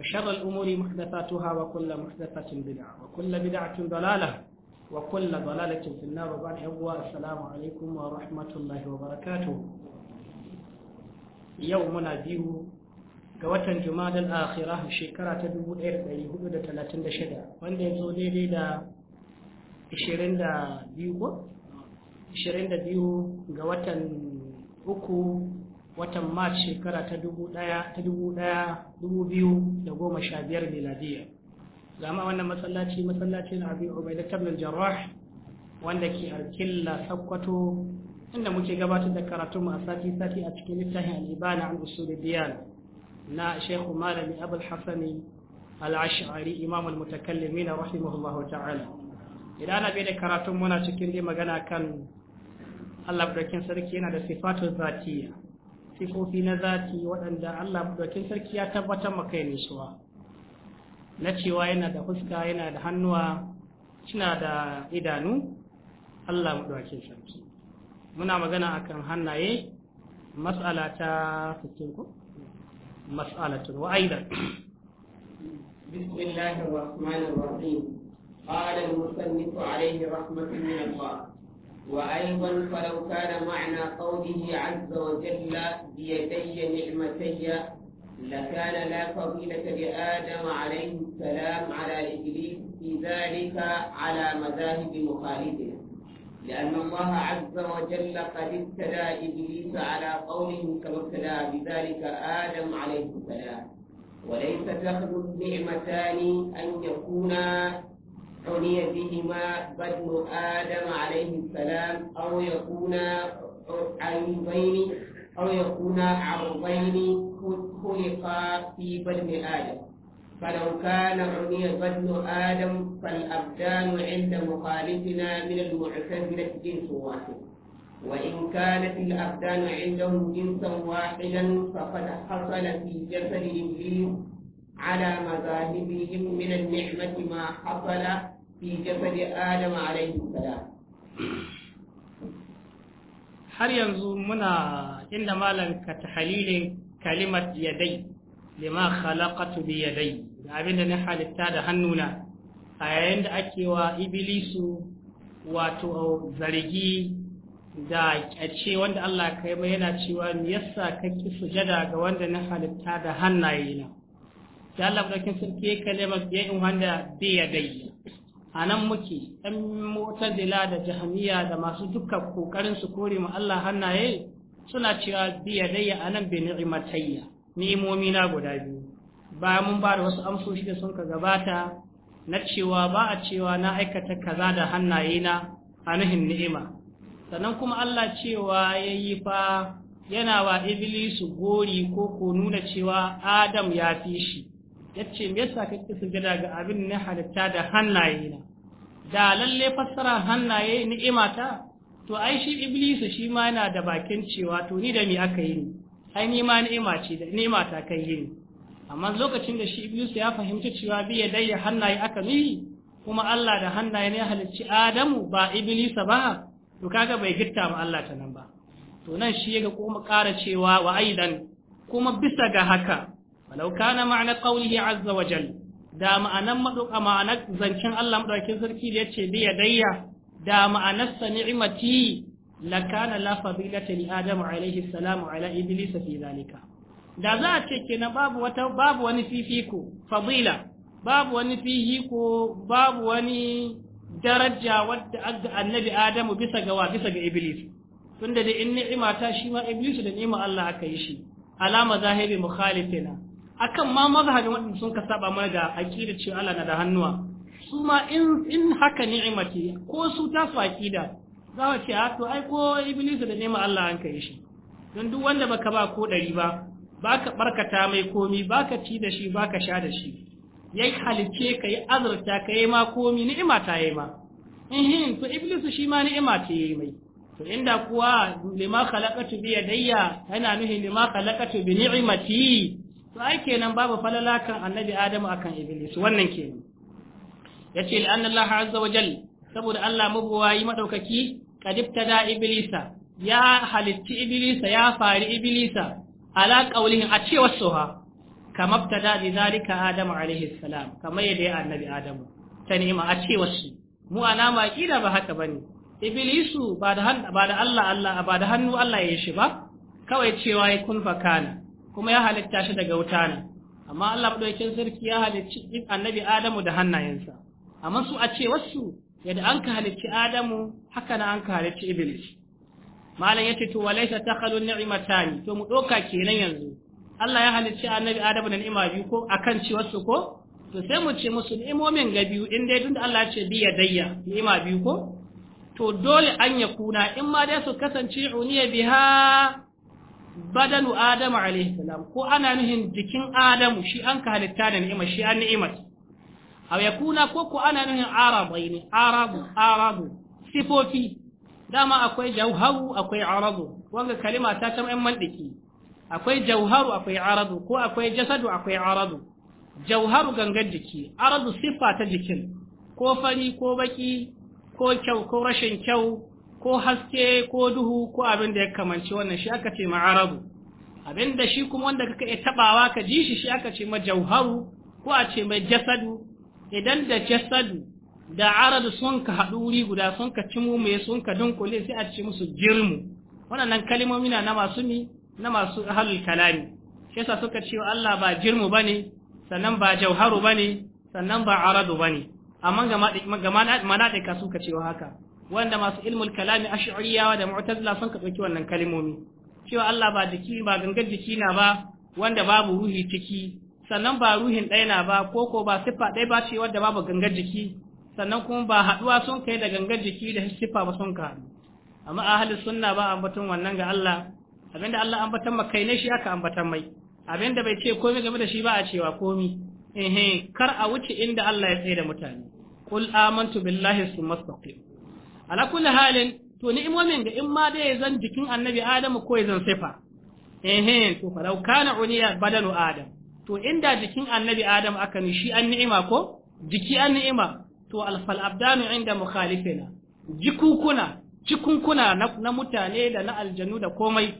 وشر الأمور محدثاتها وكل محدثة بدعة وكل بدعة ضلالة وكل ضلالة في النار وبعد السلام عليكم ورحمة الله وبركاته يومنا بيو ga هدودة Jumadal Akhira shekara زولي لي wanda إشيرين zo daidai إشيرين 22 ga watan أكو watan march shekara ta dubu biyu da goma sha biyar miladiya zama wannan masallaci masallaci na abin ubaida tabnal jarrah wanda ke alkilla sakkwato inda muke gabatar da karatun a sati sati a cikin littafin al'ibana an usul diyan na shehu malami abul hasani al-ash'ari imam al-mutakallimin rahimahullah ta'ala idan ana bai da karatun muna cikin dai magana kan Allah sarki yana da sifatu zatiya sifofi na zati waɗanda Allah dokin sarki ya tabbatar maka ne suwa na cewa yana da fuska yana da hannuwa suna da idanu Allah mu dokin sarki muna magana akan hannaye mas'ala ta 60 ko mas'alatun wa aidan بسم الله الرحمن الرحيم قال musannifu alayhi رحمة min allah وأيضا فلو كان معنى قوله عز وجل بيدي نعمتي لكان لا فضيلة لآدم عليه السلام على إبليس في ذلك على مذاهب مخالفه لأن الله عز وجل قد ابتلى إبليس على قوله كما ابتلى بذلك آدم عليه السلام وليس تخلو النعمتان أن يكونا عني بهما بدن آدم عليه السلام أو يكون عرضين أو يكون عرضين خلقا في بدن آدم فلو كان عني بدن آدم فالأبدان عند مخالفنا من المعتزلة جنس واحد وإن كانت الأبدان عندهم جنسا واحدا فقد حصل في جسد إبليس على مذاهبهم من النعمة ما حصل fi jasadi adam alaihi salam har yanzu muna inda malam ka tahlilin kalimar yadai lima khalaqatu bi yadai da abinda na halitta da hannuna a yayin da ake wa ibilisu wato zargi da ƙyace wanda Allah kai mai yana cewa me yasa ki sujada ga wanda na halitta da hannaye na ya Allah sarki ya kalma ya in wanda bi yadai a nan muke ɗan mutazila da jahamiya da masu duka ƙoƙarin su kore mu Allah hannaye suna cewa biya biyadayya a nan bi ni'imatayya ni'imomi na guda biyu ba mun ba da wasu amsoshi da sun ka gabata na cewa ba a cewa na aikata kaza da hannaye na a nuhin ni'ima sannan kuma Allah cewa ya yi fa yana wa Iblisu gori ko ko nuna cewa Adam ya fi shi yace me yasa kake sujada ga abin na halitta da hannaye na da lalle fassara hannaye ni'imata to ai shi iblisu shi ma yana da bakin cewa to ni da me aka yi ni ai ni ma ni'ima ce da ni'ima ta kai yi amma lokacin da shi iblisu ya fahimci cewa bi ya dai hannaye aka ni kuma Allah da hannaye ne halicci Adamu ba iblisa ba to kaga bai gitta ma Allah ta nan ba to nan shi ya ga kuma ƙara cewa wa aidan kuma bisa ga haka walau kana ma'ana qawlihi azza wa jal da ma'anan maduka ma'anar zancen Allah madaukakin sarki da ya yace bi yadayya da ma'anar sa ni'mati la kana la fadilata li adam alayhi salam ala iblis fi zalika da za a ce kenan babu wata babu wani fifiko fadila babu wani fihiko babu wani daraja wadda aga annabi adamu bisa ga wa bisa ga iblis tunda da in ni'ima shi ma iblis da ni'ima Allah aka yi shi alama zahiri mukhalifina akan ma mazhabin waɗanda sun ka saba mana da aqida cewa Allah na da hannuwa su ma in in haka ni'imati ko su ta su aqida za ka ce ah, to ai ko iblis da nema Allah an kai shi don duk wanda baka ba ko ɗari ba baka barkata mai komi baka ci da shi baka sha da shi yayi halice kai azurta kai ma komi ni'ima ta yi ma in to iblis shi ma ni'ima ta mai to inda kuwa lima khalaqatu bi yadayya yana nuhi lima khalaqatu bi ni'imati to kenan babu falala kan annabi adamu akan iblis wannan kenan yace li anna azza wa jalla saboda allah mabuwayi madaukaki kad da iblisa ya halitti iblisa ya fari iblisa ala qawlihin a cewar soha kama ibtada bi zalika adamu alaihi salam kamar yadda ya annabi adamu ta ni'ima a cewar shi mu ana ma ba haka bane iblisu ba da ba da allah allah ba da hannu allah ya yi shi ba kawai cewa ya kun fakana kuma ya halitta shi daga wuta ne amma Allah madaukakin sarki ya halicci annabi Adamu da hannayensa amma su a ce wasu yadda an ka halicci Adamu haka na an ka halicci Iblis malam yace to walaysa takhalu ni'matan to mu doka kenan yanzu Allah ya halicci annabi Adamu da ni'ima biyu ko akan ci wasu ko to sai mu ce musu ni'imomin ga biyu in dai tunda Allah ya ce bi yadayya ni'ima biyu ko to dole an ya kuna in ma dai su kasance uniya biha Badanu Adamu alaihi salam ko ana nuhin jikin Adamu shi an ka halitta da ni'imar shi an ni'imar aw yakuna ko ko ana nuhin arabaini arabu arabu sifofi dama akwai jauharu akwai aradu wanga kalima ta ta ɗan mandiki akwai jauharu akwai arabu ko akwai jasadu akwai arabu jauharu gangan jiki arabu siffa ta jikin ko fari ko baki ko kyau ko rashin kyau ko haske ko duhu ko abin da ya kamanci wannan shi aka ce ma'arabu abin da shi kuma wanda kaka iya tabawa ka ji shi shi aka ce majauharu ko a ce mai jasadu idan da jasadu da aradu sun ka haɗu wuri guda sun ka mu mai sun ka dunkule sai a ce musu girmu waɗannan kalmomi na na masu mi na masu halul kalami shi yasa suka ce Allah ba girmu bane sannan ba jauharu bane sannan ba aradu bane amma ga mana da ka suka cewa haka wanda masu ilmul kalami ash'ariyawa da mu'tazila sun ka dauki wannan kalimomi. cewa Allah ba jiki ba gangar jiki na ba wanda babu ruhi ciki sannan ba ruhin ɗaya na ba ko ba siffa ɗaya ba ce wanda babu gangar jiki sannan kuma ba haɗuwa sun kai da gangar jiki da siffa ba sun ka amma ahli sunna ba ambaton wannan ga Allah abinda Allah ambatan makai ne shi aka ambatan mai abinda bai ce komai game da shi ba a cewa komai ehe kar a wuce inda Allah ya tsaye da mutane qul amantu billahi summa ala kulli halin to ni'imomin da in ma dai ya zan jikin annabi adamu ko ya zan sifa eh to law kana uniya badalu adam to inda jikin annabi adam aka ni shi an ni'ima ko jiki an ni'ima to alfal abdanu inda mukhalifina jikukuna cikunkuna na mutane da na aljanu da komai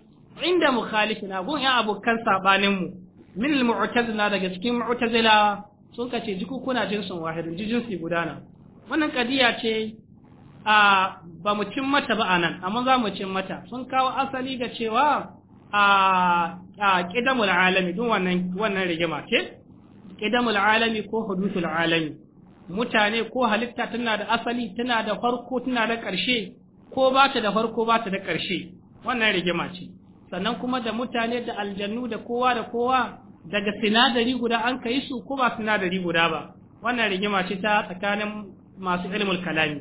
inda mukhalifina gun ya abokan sabanin mu min mu'tazila daga cikin mu'tazila sun kace jikukuna jinsin wahidun jinsi gudana wannan kadiya ce a ba mu cin mata ba anan amma za mu cin mata sun kawo asali ga cewa a a alami duk wannan wannan rigima ce alami ko hudusul alami mutane ko halitta tana da asali tana da farko tana da ƙarshe ko ba ta da farko ba ta da ƙarshe wannan rigima ce sannan kuma da mutane da aljannu da kowa da kowa daga sinadari guda an kai su ko ba sinadari guda ba wannan rigima ce ta tsakanin masu ilmul kalami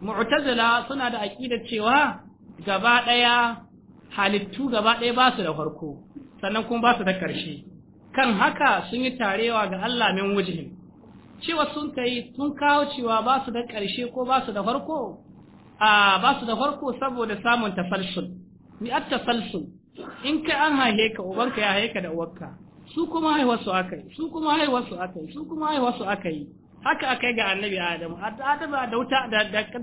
mu'tazila suna da aqidar cewa gaba daya halittu gaba daya ba su da farko sannan kuma ba su da karshe kan haka sun yi tarewa ga Allah min wujhin cewa sun kai sun kawo cewa ba su da karshe ko ba su da farko a ba su da farko saboda samun tafalsul mi at tafalsul in ka an haihe ka ubanka ya haihe ka da uwarka su kuma haihuwar su aka yi su kuma haihuwar su aka yi su kuma haihuwar su aka yi haka aka yi ga annabi adamu adamu da wuta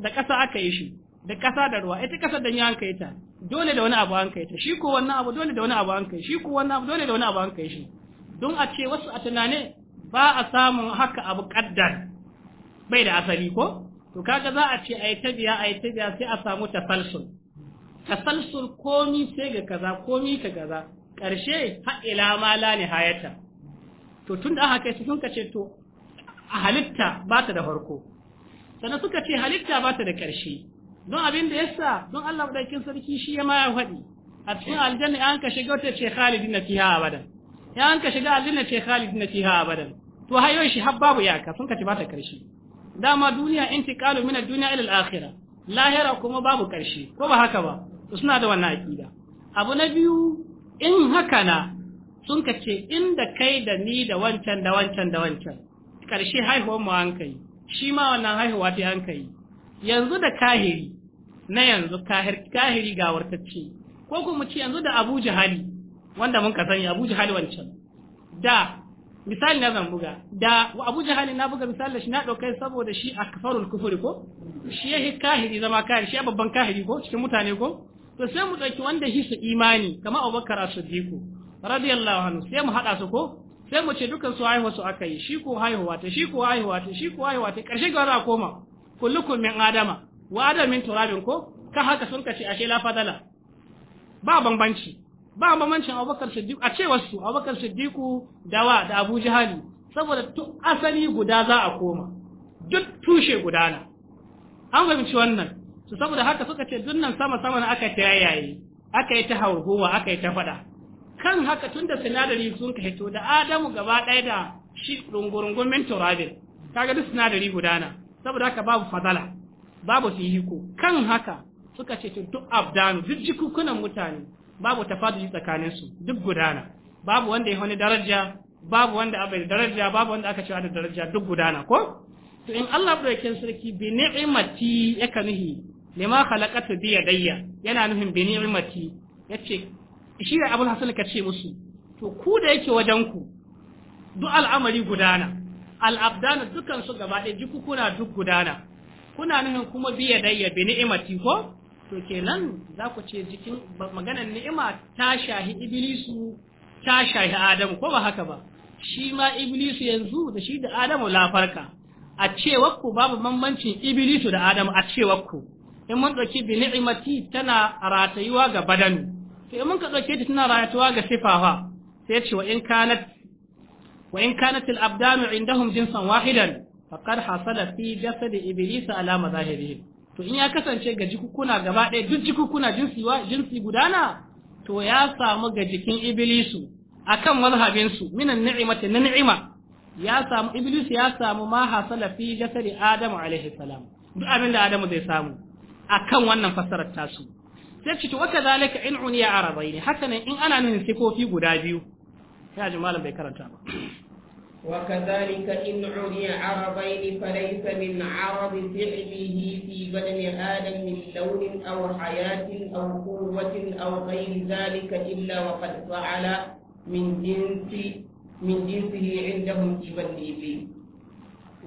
da ƙasa aka yi shi da ƙasa da ruwa ita ƙasa da ya an yi ta dole da wani abu an yi ta shi ko wannan abu dole da wani abu an yi, shi ko wannan abu dole da wani abu an yi shi don a ce wasu a tunane ba a samun haka abu kaddar bai da asali ko to kaga za a ce a yi tabiya a yi tabiya sai a samu tafalsul tafalsul komi sai ga kaza komi ka kaza ƙarshe har ila ma la nihayata to tun da aka sai sun ka ce to a halitta ba ta da farko sannan suka ce halitta ba ta da ƙarshe don abin da yasa don Allah madaukin sarki shi ya ma ya faɗi a cikin aljanna ya ka shiga wata ce na fiha abadan ya ka shiga aljanna ce na fiha abadan to hayo shi har babu ka sun ka ce ba ta ƙarshe dama duniya intiqalu min ad-dunya ila al-akhirah lahira kuma babu ƙarshe ko ba haka ba to suna da wannan aqida abu na biyu in haka na sun ka ce inda kai da ni da wancan da wancan da wancan ƙarshe haihuwar mu an kai shi ma wannan haihuwa ta an kai yanzu da kahiri na yanzu kahiri ga wartacce ko kuma ci yanzu da abu jihali wanda mun ka sani abu jihali wancan da misali na zan buga da abu jihali na buga misali da shi na ɗaukai saboda shi a kafarul kufuri ko shi ya kahiri zama kahiri shi ya babban kahiri ko cikin mutane ko to sai mu ɗauki wanda shi su imani kamar abubakar as-siddiq radiyallahu anhu sai mu haɗa su ko sai mu ce dukan su haihuwa su aka yi shi ko haihuwa ta shi ko haihuwa ta shi ko haihuwa ta karshe ga a koma kullukum min adama wa adamin turabin ko ka haka sun kace ashe la fadala ba bambanci ba bambancin Abubakar Siddiq a cewar su Abubakar Siddiqu dawa da Abu Jahali saboda tun asali guda za a koma duk tushe guda na an fahimci wannan su saboda haka suka ce dunnan sama sama na aka ta yayaye aka yi ta hauhuwa aka yi ta fada kan haka tun da sinadari sun ka hito da adamu gaba ɗaya da shi rungurungun min turabin kaga duk sinadari gudana saboda haka babu fadala babu fihiko kan haka suka ce duk abdanu duk jikukunan mutane babu tafaduli tsakanin su duk gudana babu wanda ya wani daraja babu wanda abai da daraja babu wanda aka cewa da daraja duk gudana ko to in Allah barkin sarki bi ni'imati yaka nuhi lima khalaqatu bi yadayya yana nuhin bi ni'imati yace shi da abul hasan ka ce musu to ku da yake wajen ku duk al'amari gudana al'abdana dukan su gaba ɗaya kuna duk gudana kuna nuhin kuma biya dayya bi ni'imati ko to kenan za ku ce jikin maganar ni'ima ta shahi iblisu ta shahi adamu ko ba haka ba shi ma iblisu yanzu da shi da adamu lafarka a cewar ku babu bambancin iblisu da adamu a cewar ku in mun ɗauki bi ni'imati tana ratayuwa ga badanu to in mun ka dauke ta tana rayatuwa ga sifafa sai ce wa in kanat wa in kanat al abdanu indahum jinsan wahidan faqad hasala fi jasad iblis ala mazahirih to in ya kasance ga jikukuna gaba ɗaya duk jikukuna jinsi wa jinsi gudana to ya samu ga jikin iblisu akan mazhabinsu minan ni'imati na ni'ima ya samu iblis ya samu ma hasala fi jasad adamu alaihi salam duk abin da adamu zai samu akan wannan fassarar tasu sai ci to waka zalika in uniya arabaini haka ne in ana nufin sifofi guda وكذلك إن عني عربين فليس من عرب فعله في بدن آدم من لون أو حياة أو قوة أو غير ذلك إلا وقد فعل من جنس من جنسه عندهم في إبليس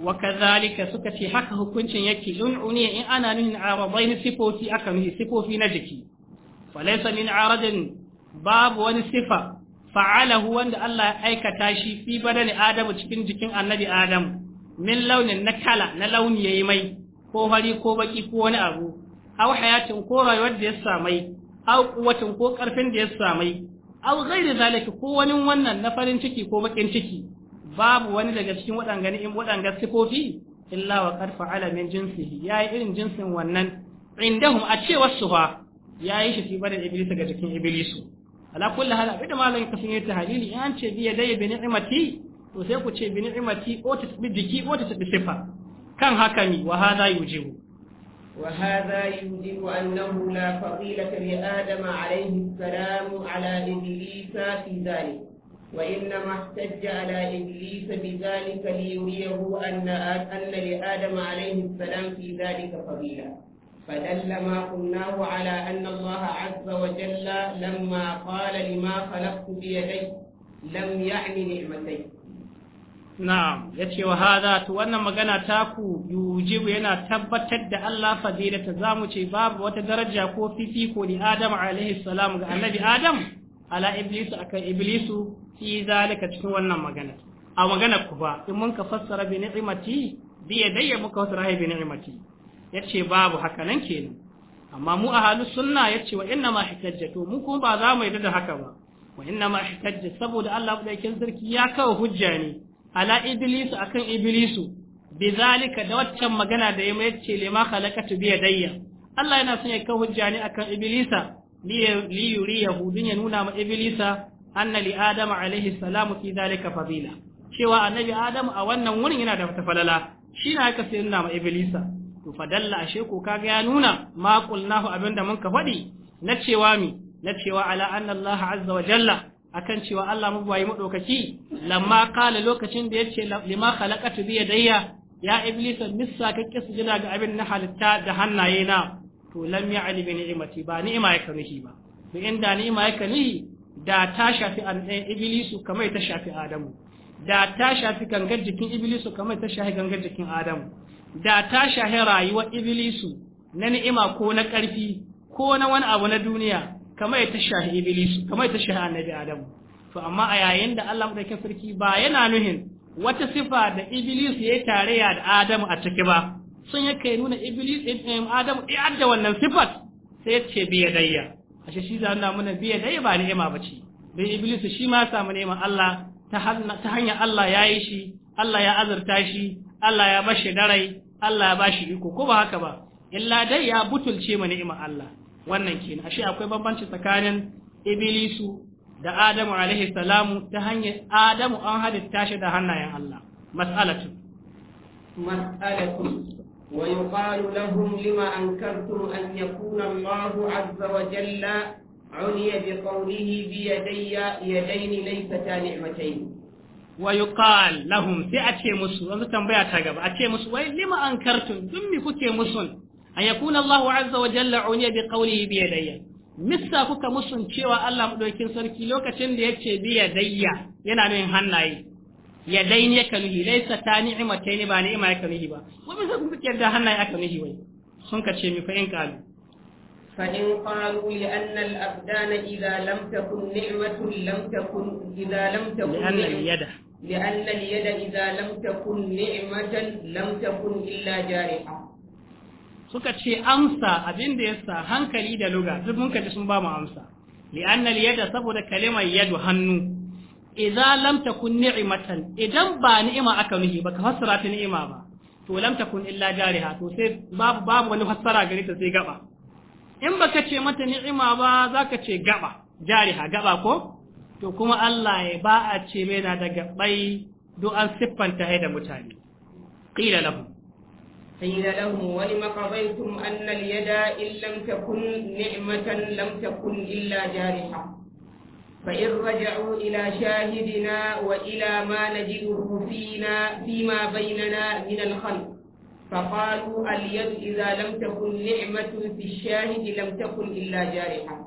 wa kadhalika suka ce haka hukuncin yake in uniya in ana nuhin aradain sifofi aka nuhi sifofi na jiki falaysa min aradin babu wani sifa fa'alahu wanda Allah ya aikata shi fi badani adamu cikin jikin annabi Adam. min launin na kala na launi yayi mai ko fari ko baki ko wani abu aw hayatin ko rayuwar da ya samai aw kuwatin ko karfin da ya samai aw ghairi zalika ko wani wannan na farin ciki ko bakin ciki babu wani daga cikin waɗanga ni'im waɗanga sifofi illa wa qad fa'ala min jinsihi yayi irin jinsin wannan indahum a ce wasu fa yayi shi tibar iblis ga jikin iblisu ala kulli hal abin da malamin kafin yayi tahlili in an ce bi yadai bi ni'mati to sai ku ce bi ni'mati ko ta bi jiki ko ta bi sifa kan haka ni wa hadha yujibu وهذا يوجب أنه لا فضيلة لآدم عليه السلام على إبليس في ذلك وإنما احتج على إبليس بذلك ليريه أن أن لآدم عليه السلام في ذلك فضيلة فدل ما قلناه على أن الله عز وجل لما قال لما خلقت بيدي لم يعني نعمتي نعم yace wa hada to wannan magana taku yujibu yana tabbatar da Allah za mu ce babu wata daraja ko fifiko li Adam alaihi salam ga annabi Adam ala iblisu akan iblisu fi zalika cikin wannan magana a magana ku ba in mun ka fassara bi ni'imati bi yadayya muka fassara bi ni'imati yace babu haka nan kenan amma mu ahalu sunna yace wa inna ma hikajjatu mu kuma ba za mu yadda da haka ba wa inna ma hikajja saboda Allah madaukakin sarki ya kawo hujja ne ala iblisu akan iblisu bizalika da waccan magana da ya mai ce lima khalaqatu bi yadayya Allah yana son ya kawo hujja ne akan iblisa li yuri ya nuna ma iblisa anna li adam alaihi salamu fi zalika fadila cewa annabi adam a wannan wurin yana da tafalala shi na aka sai nuna ma iblisa to fadalla ashe ko kaga ya nuna ma qulnahu abinda mun ka faɗi na cewa mi na cewa ala anna allah azza wa jalla akan cewa Allah mabuwayi madaukaki lamma kala lokacin da yace lima khalaqatu bi yadayya ya iblisa missa ka kisjina ga abin na halitta da hannaye na to lam ya'li bi ni'mati ba ya yake nihi ba to inda ni'ima yake nihi da ta shafi eh, iblisu kamar ta shafi adamu da ta shafi gangar jikin iblisu kamar ta shafi gangar jikin adamu da ta shafi rayuwar iblisu na ni'ima ko na ƙarfi ko na wani abu na duniya kamar ta shafi iblisu kamar ta shafi annabi adamu to amma a yayin da Allah madaukakin firki ba yana nuhin wata sifa da Iblisu ya tarayya da adamu a ciki ba sun yake nuna nuna iblis eh, adamu ya adda wannan sifat sai ya ce biya dayya ashe shi jahannama muna da dai ba ni'ima ce, bai iblis shi ma samu neman Allah ta hanyar Allah ya yi shi Allah ya azurta shi Allah ya bashi darai Allah ya bashi iko ko ba haka ba illa dai ya butulce ma niima Allah wannan kenan ashe akwai bambanci tsakanin iblisu da Adamu alaihi salamu ta hanyar Adamu an halitta shi da hannayen Allah mas'alatu mas'alatu ويقال لهم أنكرتم أن يكون الله عز وجل عني بقوله بيدي يدين نعمتين ويقال لهم sai a ce musu wanzu tambaya gaba a ce musu wai lima an kartun dun mi kuke musun an ya Allah bi kuka musun cewa Allah madaukin sarki lokacin da yake biya yadayya yana nan hannaye yadaini yaka nuhi laysa ta ni'mataini ba ya yaka nuhi ba wai ba sun fitar da hannaye aka nuhi wai sun ka ce mi fa in qalu fa in qalu li anna al abdana idha lam takun ni'matun lam takun idha lam takun li anna al yada li anna al yada idha lam takun ni'matan lam takun illa jariha suka ce amsa abin abinda yasa hankali da luga duk mun kaji sun ba mu amsa li anna al yada saboda kalimar yadu hannu idza lam takun ni'matan idan ba ni'ima aka nuhi baka fassara ta ni'ima ba to lam takun illa jariha to sai babu babu wani fassara gare ta sai gaba in baka ce mata ni'ima ba zaka ce gaba jariha gaba ko to kuma Allah ya ba a ce mai na daga bai do an siffanta hai da mutane qila lahu qila lahu wa lima qadaytum anna al-yada in lam takun ni'matan lam takun illa jariha فإن رجعوا إلى شاهدنا وإلى ما نجده فينا فيما بيننا من الخلق فقالوا اليد إذا لم تكن نعمة في الشاهد لم تكن إلا جارحة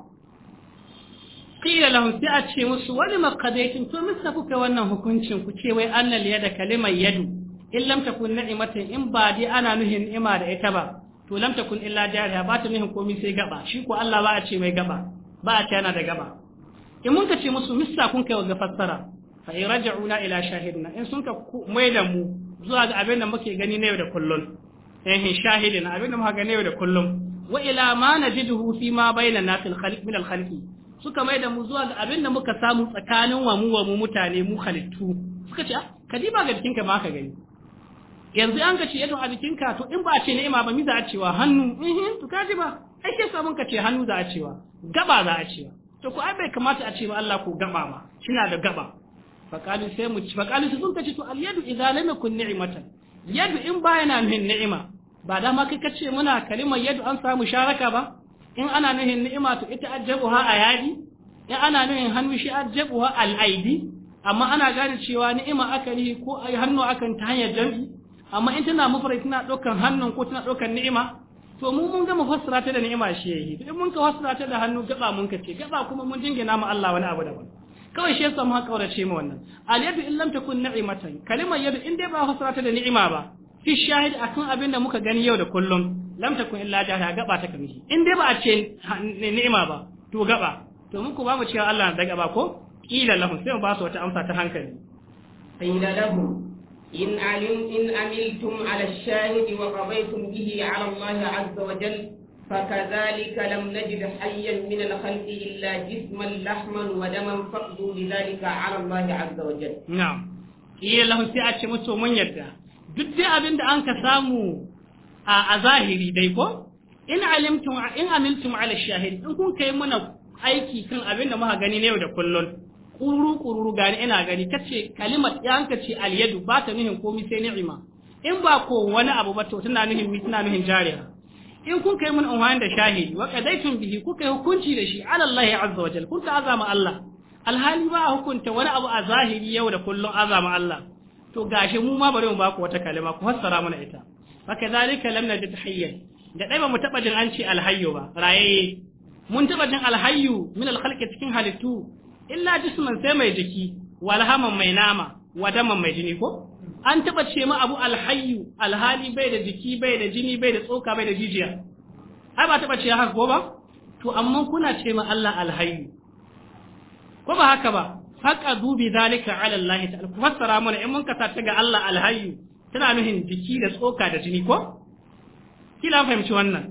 قيل لهم في أتشمس ولما قضيتم تمسكوا كوانا هكونشم كتشوي أن اليد كلمة يد إن لم تكن نعمة إن بعدي أنا نهن إما رأيتبا to lam takun illa jariha ba ta nihin komai sai gaba shi ko Allah ba a ce mai gaba ba a ce yana da gaba in mun ka ce musu missa kun kai ga fassara fa in raja'una ila shahidina in sun ka da mu zuwa ga abin da muke gani na yau da kullun. eh shahidina abin da muka gani yau da kullun, wa ila ma najiduhu fi ma bainana fil khalq min al khalqi suka da mu zuwa ga abin da muka samu tsakanin wa mu wa mu mutane mu halittu suka ce ah, kadiba ga jikinka ma ka gani yanzu an ka ce yadda a jikinka to in ba a ce ni'ima ba mi za a cewa hannu to ka ji ba ai sai samun ka ce hannu za a cewa gaba za a cewa to ku ai bai kamata a ce ba Allah ku gaba ma kina da gaba faqalu sai mu ci faqalu sun kace to al-yadu idza lam yakun ni'matan yadu in ba yana nuhin ni'ima ba da ma kai kace muna kalimar yadu an samu sharaka ba in ana nuhin ni'ima to ita ajjabuha a yadi in ana nuhin hannu shi ajabu al-aidi amma ana gane cewa ni'ima aka yi ko hannu akan ta hanyar jam'i amma in tana mufrad tana dokan hannun ko tana ɗaukar ni'ima to mu mun gama mufassara ta da ni'ima shi yayi idan mun ka fassara ta da hannu gaba mun ka ce gaba kuma mun jingina mu Allah wani abu daban kawai shi yasa mu kaurace mu wannan al yadu in lam takun ni'matan kalimar yadu in dai ba fassara ta da ni'ima ba fi shahid akan abin da muka gani yau da kullum lam takun illa jahra gaba ta kamshi in dai ba a ce ni'ima ba to gaba to muku ba mu cewa Allah na daga ba ko kila lahum sai mu ba su wata amsa ta hankali qila lahum إن علم إن عملتم على الشاهد وقضيتم به على الله عز وجل فكذلك لم نجد حيا من الخلق إلا جسما لحما ودما فاقضوا بذلك على الله عز وجل نعم iya lahun sai a ce musu mun yadda duk dai an ka samu a zahiri dai ko in alimtum in in kun kai mana aiki kan abin da muka gani yau da kullun kururu kururu gani ina gani tace kalimar yanka ce alyadu ba ta nuhin komai sai ni'ima in ba ko wani abu ba to tana nuhin mi tana nuhin jariya in kun kai mun amfani da shahidi wa qadaitum bihi kuka hukunci da shi ala Allah azza wajal kun ta azama Allah alhali ba hukunta wani abu a zahiri yau da kullum azama Allah to gashi mu ma bari mu ku wata kalima ku fassara mana ita fa kadhalika lam najid hayyan da dai ba mu taba jin an ce alhayyu ba raye mun taba jin alhayyu min alkhalqi cikin halittu illa jisman sai mai jiki walhaman mai nama wadaman mai jini ko an taba ce ma abu alhayyu alhali bai da jiki bai da jini bai da tsoka bai da jijiya ai ba taba ce haka ko ba to amma kuna ce ma Allah alhayyu ko ba haka ba faqa dubi zalika ala Allah ta'ala ku fassara mana in mun kasa ga Allah alhayyu tana nuhin jiki da tsoka da jini ko kila fahimci wannan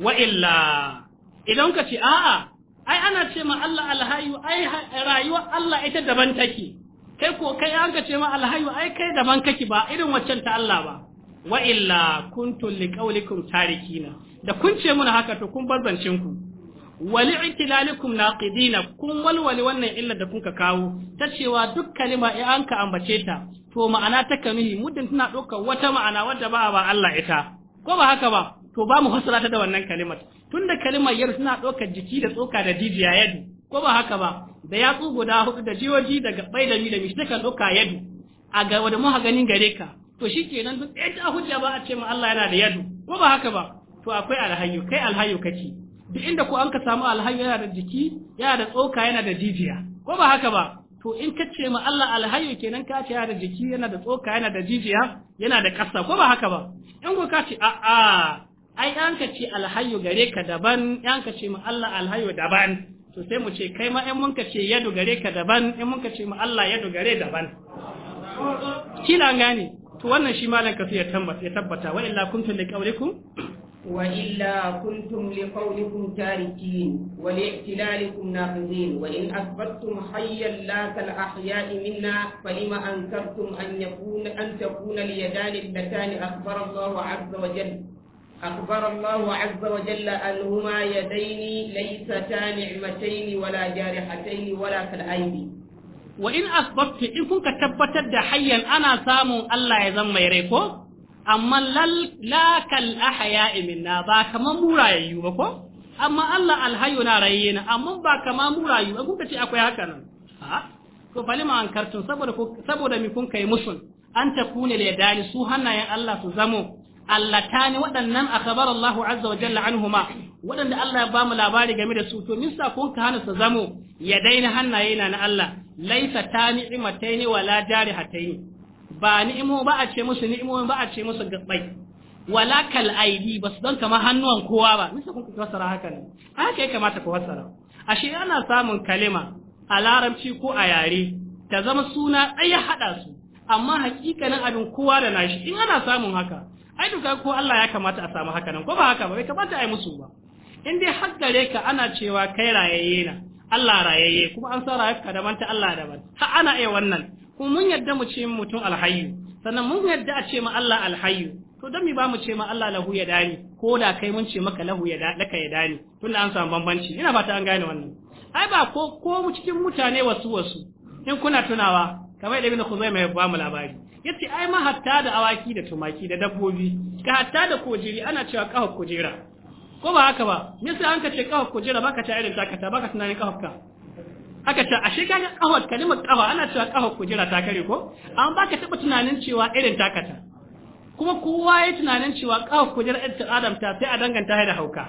wa illa idan ka ce a'a ai ana ce ma Allah alhayu ai rayuwa Allah ita daban take kai ko kai an ka ce ma alhayu ai kai daban kake ba irin waccan ta Allah ba wa illa kuntum liqaulikum tarikina da kun ce muna haka to kun barzancin ku wali itilalikum naqidina kun walwali wannan illa da kuka kawo ta cewa duk kalima in an ka ambace ta to ma'ana ta kamihi muddin tana ɗaukar wata ma'ana wadda ba ba Allah ita ko ba haka ba to ba mu fassara ta da wannan kalimar tunda kalmar yar suna ɗaukar jiki da tsoka da jijiya yadu ko ba haka ba da yatsu guda hudu da jiyoji da gabai da mi da mi shi kan ɗauka yadu a ga wanda muka ganin gare ka to shikenan duk ɗaya ta hujja ba a ce ma Allah yana da yadu ko ba haka ba to akwai alhayu kai alhayu kake duk inda ko an ka samu alhayu yana da jiki yana da tsoka yana da jijiya ko ba haka ba to in ka ce ma Allah alhayu kenan ka ce yana da jiki yana da tsoka yana da jijiya yana da kasa ko ba haka ba in ko ka ce a'a ai an ka ce alhayu gare ka daban an ka ce mu Allah alhayu daban to sai mu ce kai ma in mun ka ce yadu gare ka daban in mun ka ce mu Allah yadu gare daban kila an gane to wannan shi malam kafi ya tabbata ya tabbata wa illa kuntum liqaulikum wa illa kuntum liqaulikum tarikin wa li'tilalikum naqidin wa in asbattum hayyan la kal ahya'i minna falima ankartum an yakuna an takuna liyadani allatani akhbara Allah azza wa jalla أخبر الله عز وجل أنهما يدين ليستا نعمتين ولا جارحتين ولا كالأيدي وإن أصبحت إن كنت تبتد حيا أنا سامو الله يزم يريكو amma lakal ahaya minna ba kaman murayayyu ba ko amma Allah alhayu na raye na amma ba kaman murayayyu ba kuka ce akwai haka nan ha to falima an kartun saboda saboda mi kun kai musun an takune le dali su hannayen Allah su zamo allatani waɗannan akabar Allah azza wa jalla huma waɗanda Allah ya bamu labari game da su to min sakon ka hana su zamo ya daina hannaye na na Allah laisa ta ni'imataini wala jari jarihataini ba ni'imo ba a ce musu ni'imo ba a ce musu gabbai wala kal aidi ba su don kama hannuwan kowa ba min sakon ka fassara haka ne haka ya kamata ku fassara ashe ana samun kalima a larabci ko a yare ta zama suna ɗaya haɗa su amma hakikanin abin kowa da nashi in ana samun haka ai duka ko Allah ya kamata a samu haka nan ko ba haka ba bai kamata ai musu ba in dai har gare ka ana cewa kai rayayye na Allah rayayye kuma an san rayuwarka da ta Allah da ban. Ha ana iya wannan kuma mun yadda mu ce mutum alhayyu sannan mun yadda a ce ma Allah alhayyu to don mi ba mu ce ma Allah lahu ya dani ko da kai mun ce maka lahu ya ka ya dani tunda an samu bambanci ina fata an gane wannan ai ba ko ko cikin mutane wasu wasu in kuna tunawa kamar da ibn Khuzaimah ya ba mu labari yace ai ma hatta da awaki da tumaki da dabbobi ka hatta da kojeri ana cewa kahon kujera ko ba haka ba me sai an ka ce kahon kujera baka ta irin takata baka tunanin kahon ka aka ce ashe kaga kahon kalimar kahon ana cewa kahon kujera ta kare ko an baka taba tunanin cewa irin takata kuma kowa ya tunanin cewa kahon kujera irin adam ta sai a danganta da hauka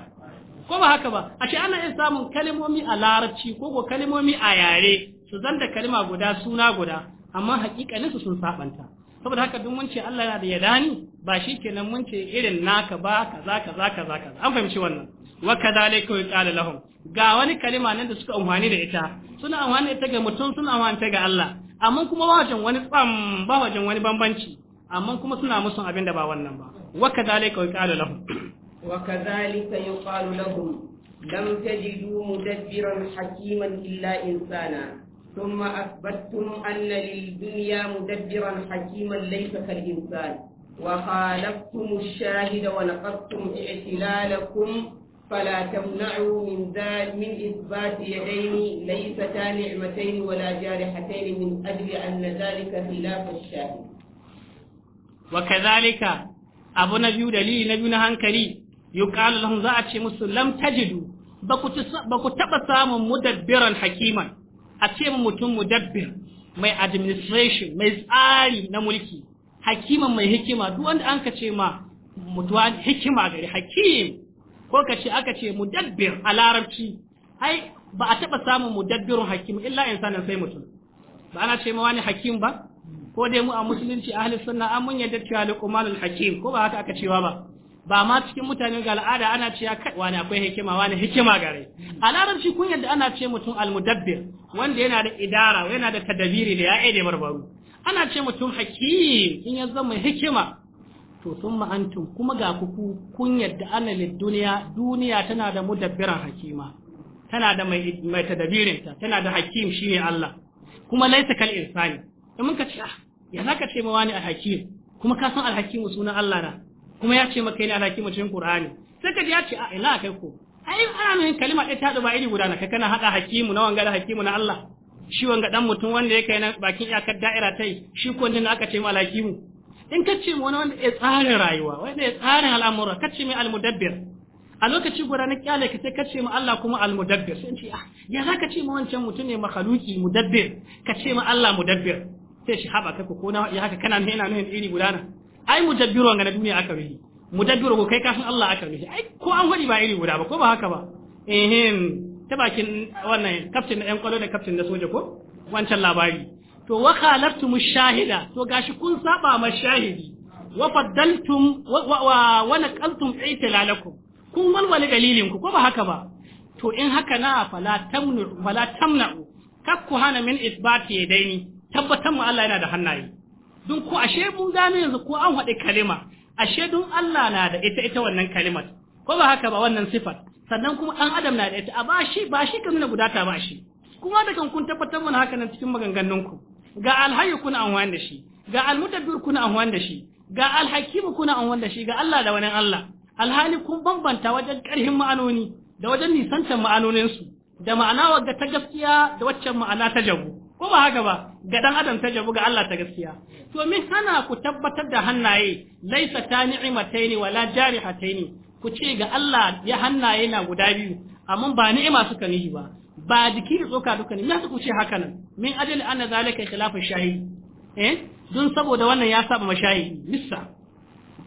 ko ba haka ba ashe ana yin samun kalimomi a larabci ko kalimomi a yare su zanta kalima guda suna guda amma hakikanin su sun sabanta saboda haka duk mun ce Allah yana da yadani ba shi kenan mun ce irin naka ba kaza kaza kaza kaza an fahimci wannan wa kadhalika qala lahum ga wani kalima nan da suka amfani da ita suna amfani da ita ga mutum suna amfani ta ga Allah amma kuma ba wajen wani tsam ba wajen wani bambanci amma kuma suna musu abinda ba wannan ba wa kadhalika qala lahum wa kadhalika yuqalu lahum lam tajidu mudabbiran hakiman illa insana ثم أثبتتم أن للدنيا مدبرا حكيما ليس كالإنسان وخالفتم الشاهد ونقضتم اعتلالكم فلا تمنعوا من ذلك من إثبات يدين ليستا نعمتين ولا جارحتين من أجل أن ذلك خلاف الشاهد وكذلك أبو نبي دليل نبي هنكري يقال لهم ذات أتشي مسلم تجدوا بكتب سامو مدبرا حكيما a ce mutum mu mudabbir mai administration mai tsari na mulki hakiman mai hikima duk wanda an ka ce ma mutuwa hikima gari hakim ko ka ce aka ce mudabbir a larabci ai ba a taɓa samun mudabbirun hakim illa insanin sai mutum ba ana ce ma wani hakim ba ko dai mu a musulunci ahli sunna an mun yadda cewa luqmanul hakim ko ba haka aka cewa ba ba ma cikin mutane ga al'ada ana cewa kai wani akwai hikima wani hikima gare a larabci kun yadda ana ce mutum almudabbir wanda yana da idara yana da tadabiri da ya'e da barbaru ana ce mutum hakim in ya zama hikima to sun ma'antum kuma ga kuku kun yadda ana duniya duniya tana da mudabbiran hakima tana da mai mai tadabirinta tana da hakim shine Allah kuma laisa kal insani in mun ka ce ah, ya zaka ce ma wani alhakim kuma ka san alhakim sunan Allah na kuma ya ce maka yana alhaki mutum Qur'ani sai ka ya ce a ina kai ko ai ana nan kalma ɗaya ta haɗu ba iri guda na kai kana haɗa hakimu na wanga da hakimu na Allah shi wanga dan mutum wanda ya kai na bakin iyakar da'ira tai shi ko wanda aka ce ma alhakimu in ka ce wani wanda ya tsarin rayuwa wanda ya tsarin al'amura ka ce mai almudabbir a lokaci guda na kyale ka sai ka ce ma Allah kuma almudabbir sai ce ah, ya za ka ce ma wancan mutum ne makhaluki mudabbir ka ce ma Allah mudabbir sai shi haɓa kai ko na ya haka kana nuna nuna iri guda na ai mudabbiru ga na duniya aka rufe mudabbiru ko kai kafin Allah aka rufe ai ko an hodi ba iri guda ba ko ba haka ba ehem ta bakin wannan kaftin na yan kwalo da kaftin na soja ko wancan labari to wa khalaftum shahida to gashi kun saba ma shahidi wa faddaltum wa wa naqaltum itlalakum kun walwale dalilin ku ko ba haka ba to in haka na fala tamnu fala tamna'u kakku hana min isbati yadaini tabbatan mu Allah yana da hannaye don ko ashe mun gano yanzu ko an haɗe kalima ashe don Allah na da ita ita wannan kalimar ko ba haka ba wannan sifar sannan kuma ɗan adam na da ita a ba shi ba shi kan na gudata ba shi kuma da kan kun tabbatar mana haka nan cikin maganganunku ga alhayyu kuna an da shi ga almutabbir kuna an da shi ga alhakimu kuna an da shi ga Allah da wani Allah alhali kun bambanta wajen ƙarhin ma'anoni da wajen nisantar ma'anoninsu da ma'ana wadda ta gaskiya da waccan ma'ana ta jago. ko ba haka ba ga dan adam ta jabu ga Allah ta gaskiya to min hana ku tabbatar da hannaye laisa ta ne wala jarihataini ku ce ga Allah ya hannaye na guda biyu amma ba ni'ima suka ni ba ba jiki da tsoka duka ne na su ku ce haka nan min ajali anna zalika khilafu shahidi eh dun saboda wannan ya saba mashayi missa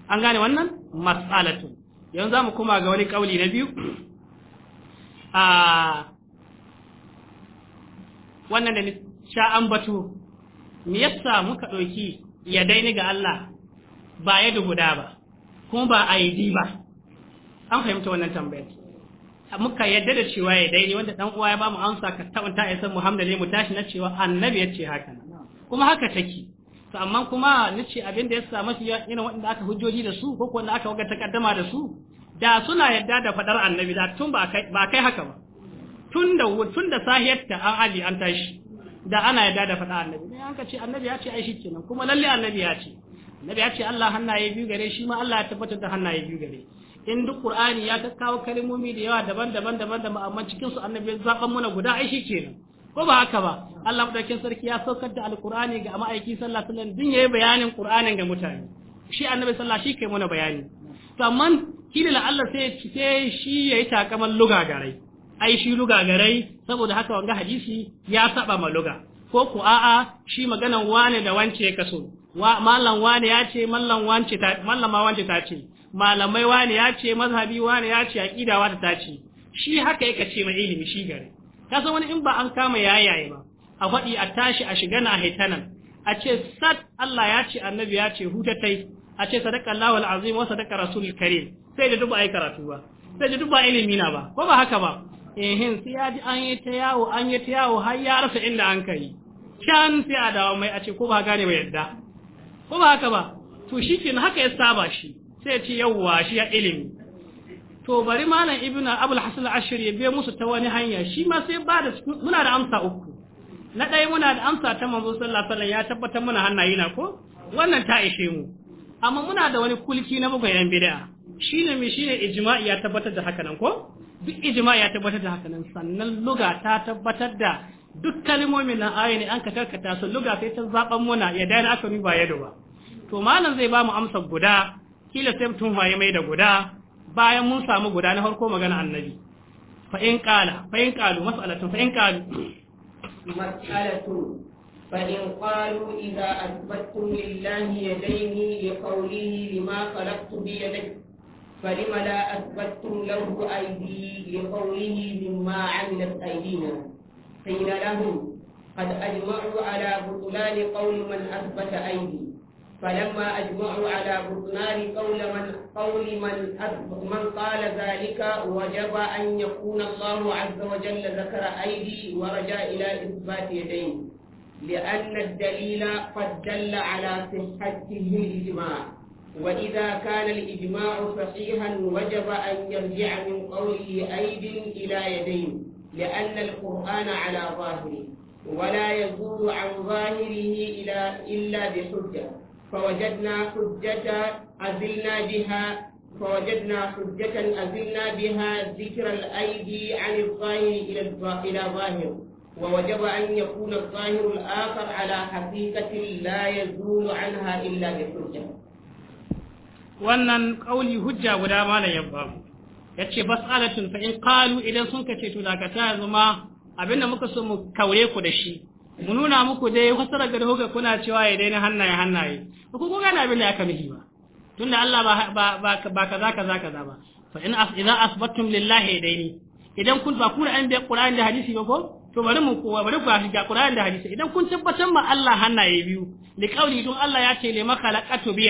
an gane wannan mas'alatu yanzu zamu kuma ga wani kauli na biyu a ah, wannan da sha ambatu me yasa muka ɗauki ya daini ga Allah ba ya guda ba kuma ba a yi ba an fahimta wannan tambayar muka yadda da cewa ya daini wanda dan uwa ya ba mu amsa ka tabanta ya san Muhammad ne mu tashi na cewa annabi ya ce haka kuma haka take to amma kuma nace abin da ya samu shi irin wanda aka hujjoji da su ko wanda aka waga takaddama da su da suna yadda da fadar annabi da tun ba kai ba kai haka ba tun da tun da sahiyar ta an aji an tashi da ana yadda da faɗa annabi ne an ka ce annabi ya ce ai kenan kuma lalle annabi ya ce annabi ya ce Allah hannaye biyu gare shi ma Allah ya tabbatar da hannaye biyu gare in duk qur'ani ya kawo kalmomi da yawa daban-daban daban-daban amma cikin su annabi ya zaban mana guda ai kenan ko ba haka ba Allah madaukakin sarki ya saukar da alqur'ani ga ma'aiki sallallahu alaihi wasallam din yayi bayanin qur'anin ga mutane shi annabi sallallahu shi kai mana bayani to amma kila Allah sai ya ce shi yayi takaman luga garai ai shi luga garai saboda haka wanga hadisi ya saba ma luga ko ku a'a shi maganan wane da wance ya kaso wa mallan wane ya ce mallan wance ta mallan ma wance ta ce malamai wane ya ce mazhabi wane ya ce aqida wata ta ce shi haka yake ce mai ilimi shi gare ka san wani in ba an kama yayaye ba a faɗi a tashi a shiga na haitanan a ce sat Allah ya ce annabi ya ce hutatai a ce sadaka Allahul azim wa sadaka rasul karim sai da duba ai karatu ba sai da duba ilimi na ba ko ba haka ba ehin sai ya ji an yi ta yawo an yi ta yawo har ya rasa inda an kai can sai a dawo mai a ce ko ba gane mai yadda ko ba haka ba to shi ke haka ya saba shi sai ya ce yawwa shi ya ilimi to bari malam ibnu abul hasan al-ashri ya biya musu ta wani hanya shi ma sai ba da muna da amsa uku na ɗaya muna da amsa ta manzo sallallahu alaihi wasallam ya tabbatar muna hannaye na ko wannan ta ishe mu amma muna da wani kulki na bugayen bid'a shine me shine ijma'i ya tabbatar da haka nan ko duk ijma ya tabbatar da hakanan sannan luga ta tabbatar da duk kalmomin na Aya ne an ka tarkata su luga sai ta zaban muna ya da na asali ba yado ba to malam zai ba mu amsa guda kila sai mutum waye mai da guda bayan mun samu guda na farko magana annabi fa in qala fa in qalu mas'alatu fa in qalu mas'alatu فإن قالوا إذا أثبتتم لله يديه lima khalaqtu bi yadayhi فلم لا أثبتتم له أيدي لقوله مما عملت أيدينا قيل لهم قد أجمعوا على بطلان قول من أثبت أيدي فلما أجمعوا على بطلان قول من قول من من قال ذلك وجب أن يكون الله عز وجل ذكر أيدي ورجع إلى إثبات يدين لأن الدليل قد دل على صحته الإجماع وإذا كان الإجماع صحيحا وجب أن يرجع من قوله أيد إلى يدين لأن القرآن على ظاهره ولا يزول عن ظاهره إلى إلا بحجة فوجدنا حجة أزلنا بها فوجدنا حجة أزلنا بها ذكر الأيدي عن الظاهر إلى إلى ظاهر ووجب أن يكون الظاهر الآخر على حقيقة لا يزول عنها إلا بحجة wannan kauli hujja guda malam ya ba mu yace bas'alatun fa in qalu idan sun kace to dakata yanzu ma abinda muka so mu kaure ku da shi mu nuna muku dai wasu ga hoga kuna cewa ya daina hannaye hannaye ku ko gane Abinda ya aka mihi ba tunda Allah ba ba kaza kaza kaza ba fa in as idan asbatum lillahi daini idan kun ba ku da an da Qur'ani da hadisi ba ko to bari mu ko bari ku ga Qur'ani da hadisi idan kun tabbatar ma Allah hannaye biyu li qauli don Allah ya ce li makhalaqatu bi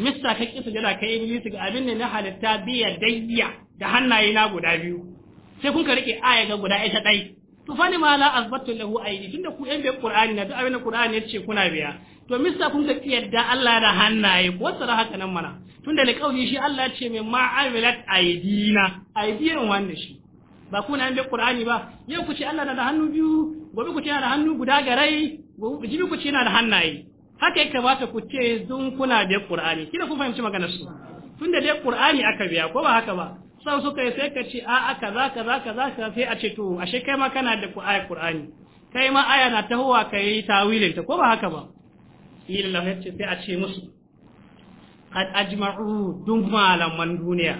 mista ka kisa jada ka iblis ga abin ne na halitta biya dayya da hannaye na guda biyu sai kun ka rike aya ga guda ita dai to fa ni ma la azbatu lahu aidi tunda ku yan da qur'ani na duk abin da qur'ani ya ce kuna biya to mista kun ka kiyarda Allah da hannaye ko tsara haka nan mana tunda da kauli shi Allah ya ce mai ma'amilat aidina aidiyan wannan shi ba kuna yan da qur'ani ba yau ku ce Allah na da hannu biyu gobe ku ce yana da hannu guda garai gobe ku ce yana da hannaye haka ya kamata ku ce dun kuna da Qur'ani kina ku fahimci maganar su tunda dai Qur'ani aka biya ko ba haka ba sai suka yi sai ka ce a a kaza kaza kaza sai a ce to ashe kai ma kana da ayar Qur'ani kai ma aya na tahowa kai yi tawilin ta ko ba haka ba illa ya ce sai a ce musu qad ajma'u dun malaman duniya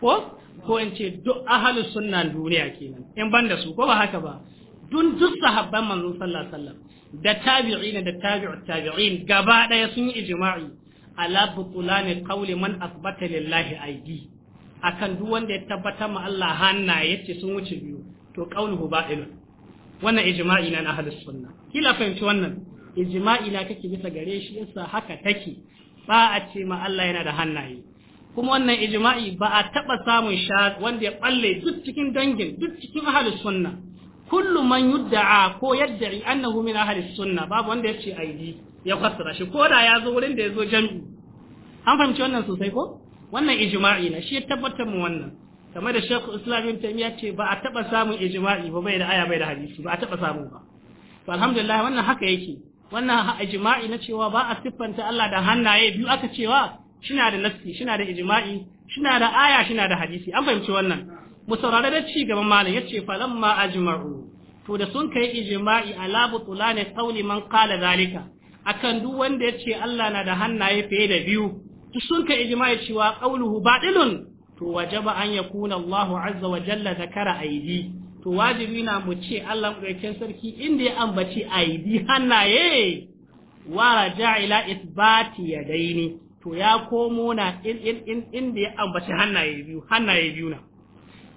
ko ko in ce duk ahlus sunnan duniya kenan in ban da su ko ba haka ba dun duk sahabban manzon sallallahu alaihi wasallam da tabi'in da tabi'u tabi'in gaba daya sun yi ijma'i ala butulani qawli man asbata lillahi aidi akan duk wanda ya tabbata ma Allah hannaye yace sun wuce biyu to qawluhu ba'ilun wannan ijma'i na ahlus sunna kila fahimci wannan ijma'i na kake bisa gare shi yasa haka take ba a ce ma Allah yana da hannaye kuma wannan ijma'i ba a taba samun sha wanda ya balle duk cikin dangin duk cikin ahlus sunna kullu man yudda'a ko yadda'i annahu min ahli sunna babu wanda yace aidi ya fassara shi ko da ya zo wurin da ya zo jami'i an fahimci wannan sosai ko wannan ijma'i na shi ya tabbatar mu wannan kamar da Sheikh Islam Ibn taymiya ce ba a taba samun ijma'i ba bai da aya bai da hadisi ba a taba samu ba to alhamdulillah wannan haka yake wannan ijma'i na cewa ba a siffanta Allah da hannaye biyu aka cewa shina da nassi shina da ijma'i shina da aya shina da hadisi an fahimci wannan mu saurare da ci gaban malam yace falamma ajma'u to da sun kai ijma'i ala butulani qawli man qala zalika akan duk wanda yace Allah na da hannaye fiye da biyu To sun kai ijma'i cewa qawluhu batilun to wajaba an yakuna Allahu azza wa jalla zakara aidi to wajibi na mu ce Allah ɗaukin sarki inda ya ambaci aidi hannaye wa raja ila isbati yadaini to ya komo na inda ya ambaci hannaye biyu hannaye biyu na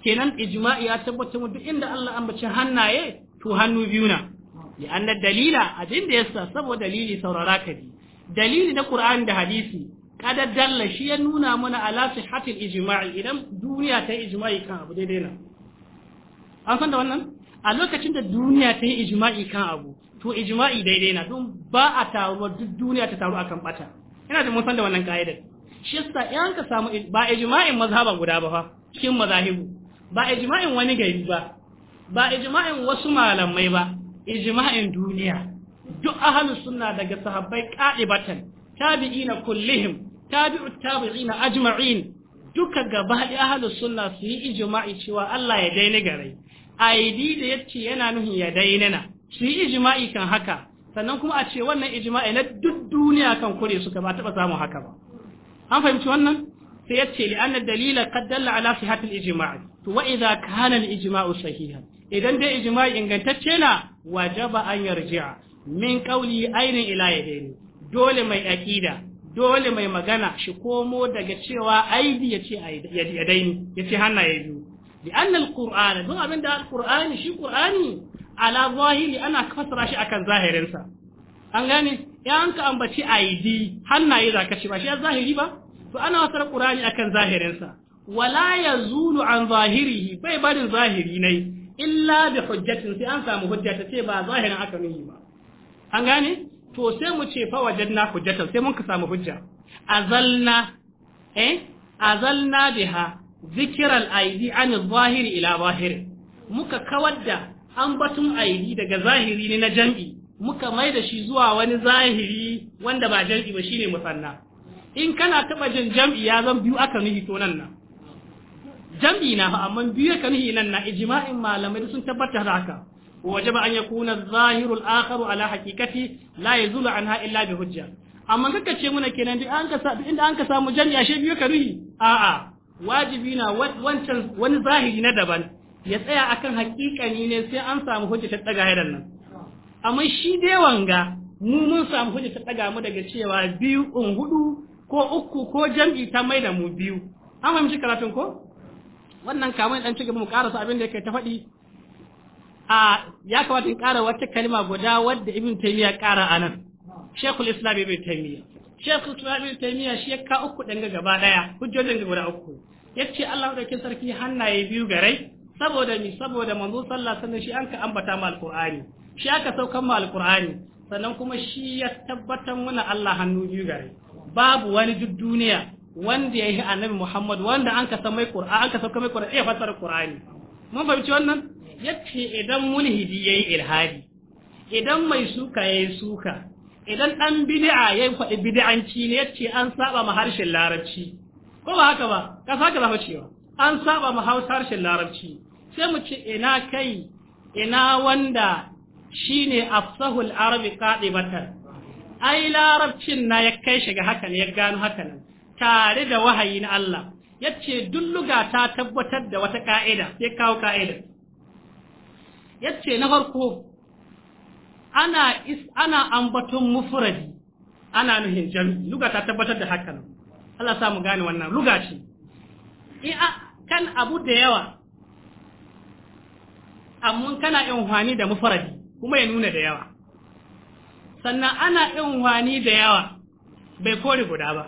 kenan ijma'i ya tabbatar mu duk inda Allah ambaci hannaye to hannu biyu na li'anna dalila abin da yasa saboda dalili saurara ka bi dalili na Qur'ani da hadisi kada dalla shi ya nuna mana ala sihhatil ijma'i idan duniya ta ijma'i kan abu daidai na an san da wannan a lokacin da duniya ta yi ijma'i kan abu to ijma'i daidai na don ba a taruwa duk duniya ta taru akan bata ina da mun san da wannan ka'idar shi yasa in ka samu ba ijma'in mazhaban guda ba fa cikin mazahibu ba ijma'in wani gari ba ba ijma'in wasu malamai ba ijma'in duniya duk ahlus sunna daga sahabbai qa'ibatan tabi'ina kullihim tabi'u tabi'ina ajma'in duka gaba da ahlus sunna su yi ijma'i cewa Allah ya daina gare. aidi da yace yana nuhin ya daina su yi ijma'i kan haka sannan kuma a ce wannan ijma'i na duk duniya kan kure suka ba taɓa samu haka ba an fahimci wannan sai ya ce li'anna dalila qad dalla ala sihhatil ijma' to wa idza kana al ijma'u sahihan idan dai ijma'i ingantacce na wajaba an yarji'a min qawli ainin ila yadaini dole mai aqida dole mai magana shi komo daga cewa aidi yace yadaini yace hannaye biyu li'anna al qur'ana don abin da al qur'ani shi qur'ani ala zahiri ana fassara shi akan zahirinsa an gane ya ka ambaci aidi hannaye zaka ce ba shi zahiri ba to ana wasar qur'ani akan zahirinsa wala yazulu an zahirihi bai barin zahiri nai illa bi hujjatin sai an samu hujja ta ce ba zahirin aka nuni ba an gane to sai mu ce fa wajadna hujjatan sai mun ka samu hujja azalna eh azalna biha zikiral aidi an zahiri ila zahiri muka kawar da ambatun aidi daga zahiri ne na jam'i muka mai da shi zuwa wani zahiri wanda ba jam'i ba shine musanna in kana taba jin jam'i ya zan biyu aka nuhi to nan na jam'i na fa amma biyu aka nuhi nan na ijma'in malamai sun tabbatar da haka an yakuna zahirul akhar ala haqiqati la لا anha illa bi hujja. amma kaka ce muna kenan duk an ka inda an ka samu jam'i ashe biyu ka a a'a wajibi na wancan wani zahiri na daban ya tsaya akan hakikani ne sai an samu hujja ta daga hairan nan amma shi dai wanga mu mun samu hujja ta daga mu daga cewa biyu in hudu ko uku ko jam'i ta mai da mu biyu an fahimci karatun ko wannan kamar dan ci mu karasa abin da yake ta faɗi a ya kamata in kara wata kalma guda wadda ibn taymiya kara anan shaykhul islam ibn taymiya shaykhul islam ibn taymiya shi ya ka uku danga gaba daya hujjojin guda uku yace Allah da yake sarki hannaye biyu garai saboda ni saboda manzo sallallahu alaihi wasallam shi an ka ambata ma alqur'ani shi aka saukan ma alqur'ani sannan kuma shi ya tabbatar muna Allah hannu biyu gare babu wani duk duniya wanda ya yi annabi Muhammad wanda an ka san mai Qur'an an ka san mai Qur'an ya fassara Qur'ani mun fahimci wannan yace idan mulhidi yayi ilhadi idan mai suka yayi suka idan dan bid'a yayi fadi bid'anci ne yace an saba ma harshen larabci ko ba haka ba ka saka zama cewa an saba ma harshen larabci sai mu ce ina kai ina wanda shine afsahul arabi qadibatan ai larabcin na ya kai shi ga hakan ya gano hakanan, tare da wahayi na Allah yace duk luga ta tabbatar da wata ka'ida ya kawo ka'ida yace na farko ana is ana ambaton mufradi ana nuhin jami luga ta tabbatar da hakan Allah sa mu gane wannan luga ce kan abu da yawa amma kana hani da mufradi kuma ya nuna da yawa sannan ana in wani da yawa bai kore guda ba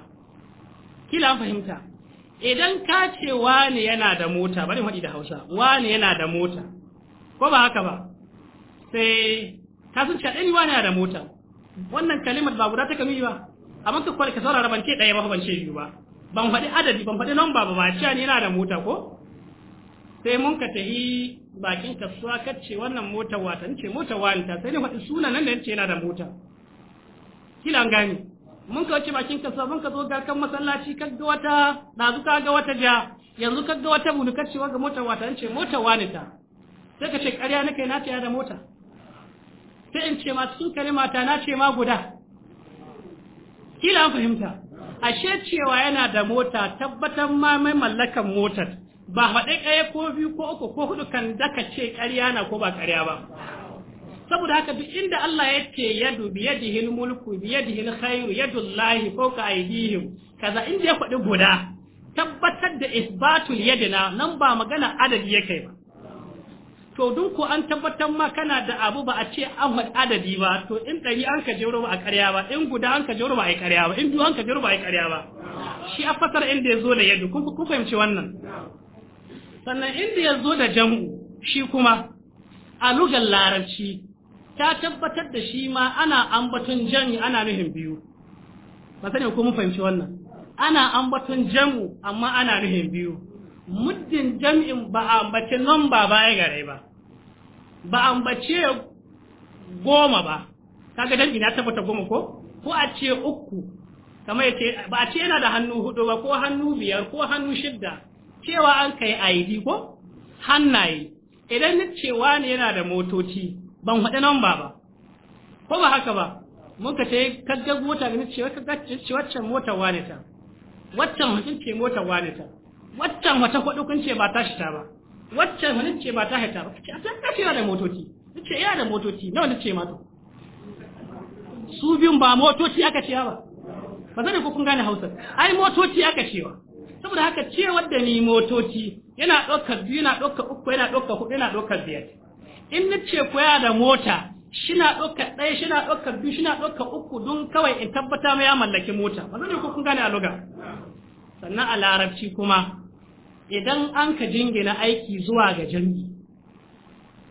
kila fahimta idan ka ce wani yana da mota bari waɗi da hausa wani yana da mota ko ba haka ba sai ka sun ce ɗani wani yana da mota wannan kalimar ba guda ta kami ba amma ka kwalka saurara ban ce ɗaya ba ban ce biyu ba ban faɗi adadi ban faɗi namba ba ba ce ni yana da mota ko sai mun ka tahi bakin kasuwa kace wannan motar wata nace motar wani ta sai ni faɗi sunan nan da yace yana da mota kila an gani mun ka wuce bakin kasuwa mun ka zo ga kan masallaci kar ga wata dazu zuka ga wata ja yanzu kar ga wata bunu kace wa ga motar wata nace motar wani ta sai ka ce ƙarya nake na ce da mota sai in ce ma cikin mata na ce ma guda kila an fahimta ashe cewa yana da mota tabbatar ma mai mallakan motar ba faɗe ƙaya ko biyu ko uku ko hudu kan daka ce ƙarya na ko ba ƙarya ba saboda haka duk inda Allah ya ce yadu bi yadihi mulku bi yadihi khairu yadullahi ko ka aidihim kaza inda ya faɗi guda tabbatar da isbatul yadina nan ba magana adadi ya kai ba to dun ko an tabbatar ma kana da abu ba a ce an faɗi adadi ba to in ɗari an ka jero ba a ƙarya ba in guda an ka jero ba a yi ƙarya ba in biyu an ka jero ba a yi ƙarya ba shi a fasar inda ya zo da yadu kun fahimci wannan sannan inda ya zo da jam'u shi kuma a lugar larabci ta tabbatar da shi ma ana ambaton jam'i ana nuhin biyu ba sani ko mun fahimci wannan ana ambaton jam'u amma ana nuhin biyu muddin jam'in ba a ambace ba baya gare ba ba a ambace goma ba kaga jam'i na tabbata goma ko ko a ce uku kamar ce. ba a ce yana da hannu hudu ba ko hannu biyar ko hannu shidda cewa an kai ID ko hannaye idan ni cewa ne yana da motoci ban faɗi namba ba ko ba haka ba mun ka ce kaga mota ga cewa kaga cewa waccan mota wane ta waccan mutum ce mota wane ta waccan wata kuɗi kun ce ba tashi ta ba waccan wani ce ba ta haita ba ce a san yana da motoci ce yana da motoci nawa ni ce ma to su biyun ba motoci aka ce ba ba zai ko kun gane Hausa ai motoci aka cewa saboda haka ciyar da ni motoci yana ɗaukar biyu yana ɗaukar uku yana ɗaukar hudu yana ɗaukar biyar in na ce koya da mota shina ɗaukar ɗaya shina ɗaukar biyu shina ɗaukar uku don kawai in tabbata ma ya mallaki mota ba zan ko kun gane a lugar sannan a larabci kuma idan an ka jingina aiki zuwa ga jam'i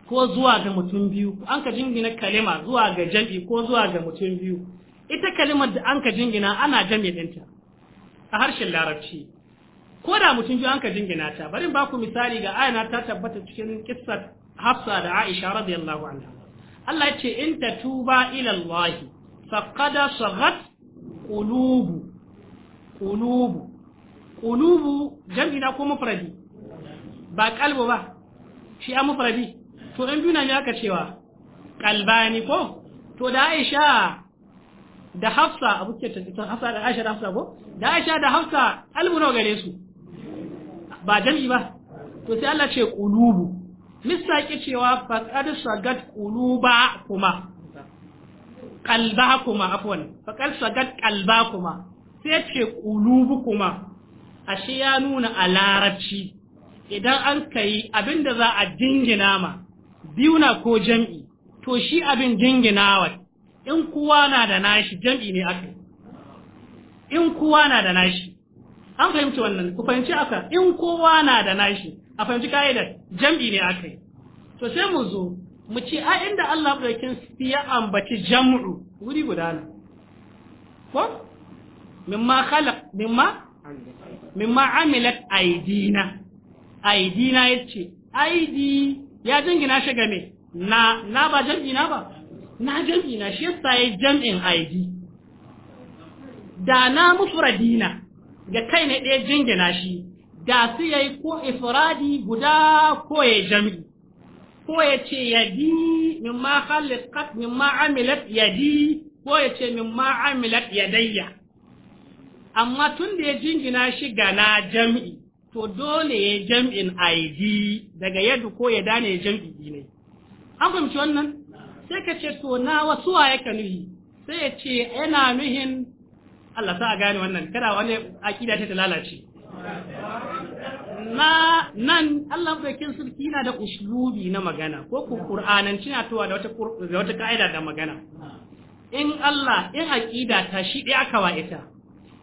ko zuwa ga mutum biyu an ka jingina kalima zuwa ga jam'i ko zuwa ga mutum biyu ita kalimar da an ka jingina ana jam'i ɗinta a harshen larabci ko da mutum biyu an ka jingina ta bari ba ku misali ga ayana ta tabbata cikin kissar Hafsa da Aisha radiyallahu anha Allah ya ce in ta tatuba ila Allah faqad saghat qulubu qulubu qulubu na ko mufradi ba kalbu ba shi a mufradi to in biyu ya aka cewa kalbani ko to da Aisha da Hafsa abu ke ta Hafsa da Aisha da Hafsa ko da Aisha da Hafsa albu nawa gare su ba jami'i ba to sai Allah ce qulubu mista ke cewa faqad sagat quluba kuma qalbaha kuma afwan faqad sagat qalba kuma sai ce qulubu kuma ashe ya nuna a larabci idan an kai abinda za a dingina ma biyu na ko jam'i to shi abin wa in kuwa na da nashi jam'i ne aka in kuwa na da nashi an fahimci wannan ku fahimci aka in kowa na da nashi a fahimci ka'idar jam'i ne aka yi to sai mu zo mu ce a inda Allah ɗaukin ya ambaci jam'u wuri guda ne ko mimma khalaq mimma mimma amilat aidina aidina yace aidi ya jingina shi game na na ba jam'i na ba na jam'i na shi yasa yayi jam'in aidi da na mufradina ga kai ne ɗaya jingina shi da su yayi ko ifradi guda ko ya jami ko ya ce yadi kat min ma amilat yadi ko ya ce min ma amilat yadayya amma tun da ya jingina shi gana jami’i, jam'i to dole ya jami’in aidi daga yadda ko ya dane ya jami’i ne an fahimci wannan sai ka ce to na wasu wa nuhi sai ya ce yana nuhin Allah sa a gane wannan kada wani akida ta lalace na nan Allah bakin sarki na da uslubi na magana ko ku qur'anan na towa da wata da wata kaida da magana in Allah in akida ta shi dai aka wa ita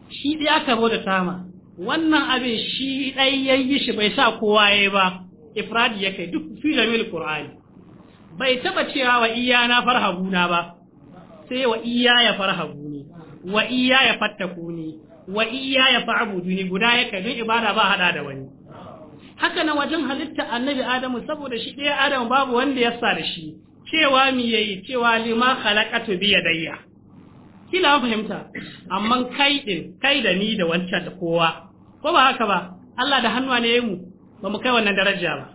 shi dai aka da tama wannan abin shi dai yayi shi bai sa kowa yayi ba ifradi yake duk fi mil qur'ani bai taba cewa wa iyana na ba sai wa iyaya farhabu wa iya ya fattakuni wa iya ya fa'buduni guda yake don ibada ba hada da wani haka na wajen halitta annabi adamu saboda shi ɗaya adamu babu wanda ya sa da shi cewa mi yi cewa lima khalaqatu bi yadayya kila fahimta amma kai din kai da ni da wancan da kowa ko ba haka ba Allah da hannuwa ne mu ba mu kai wannan daraja ba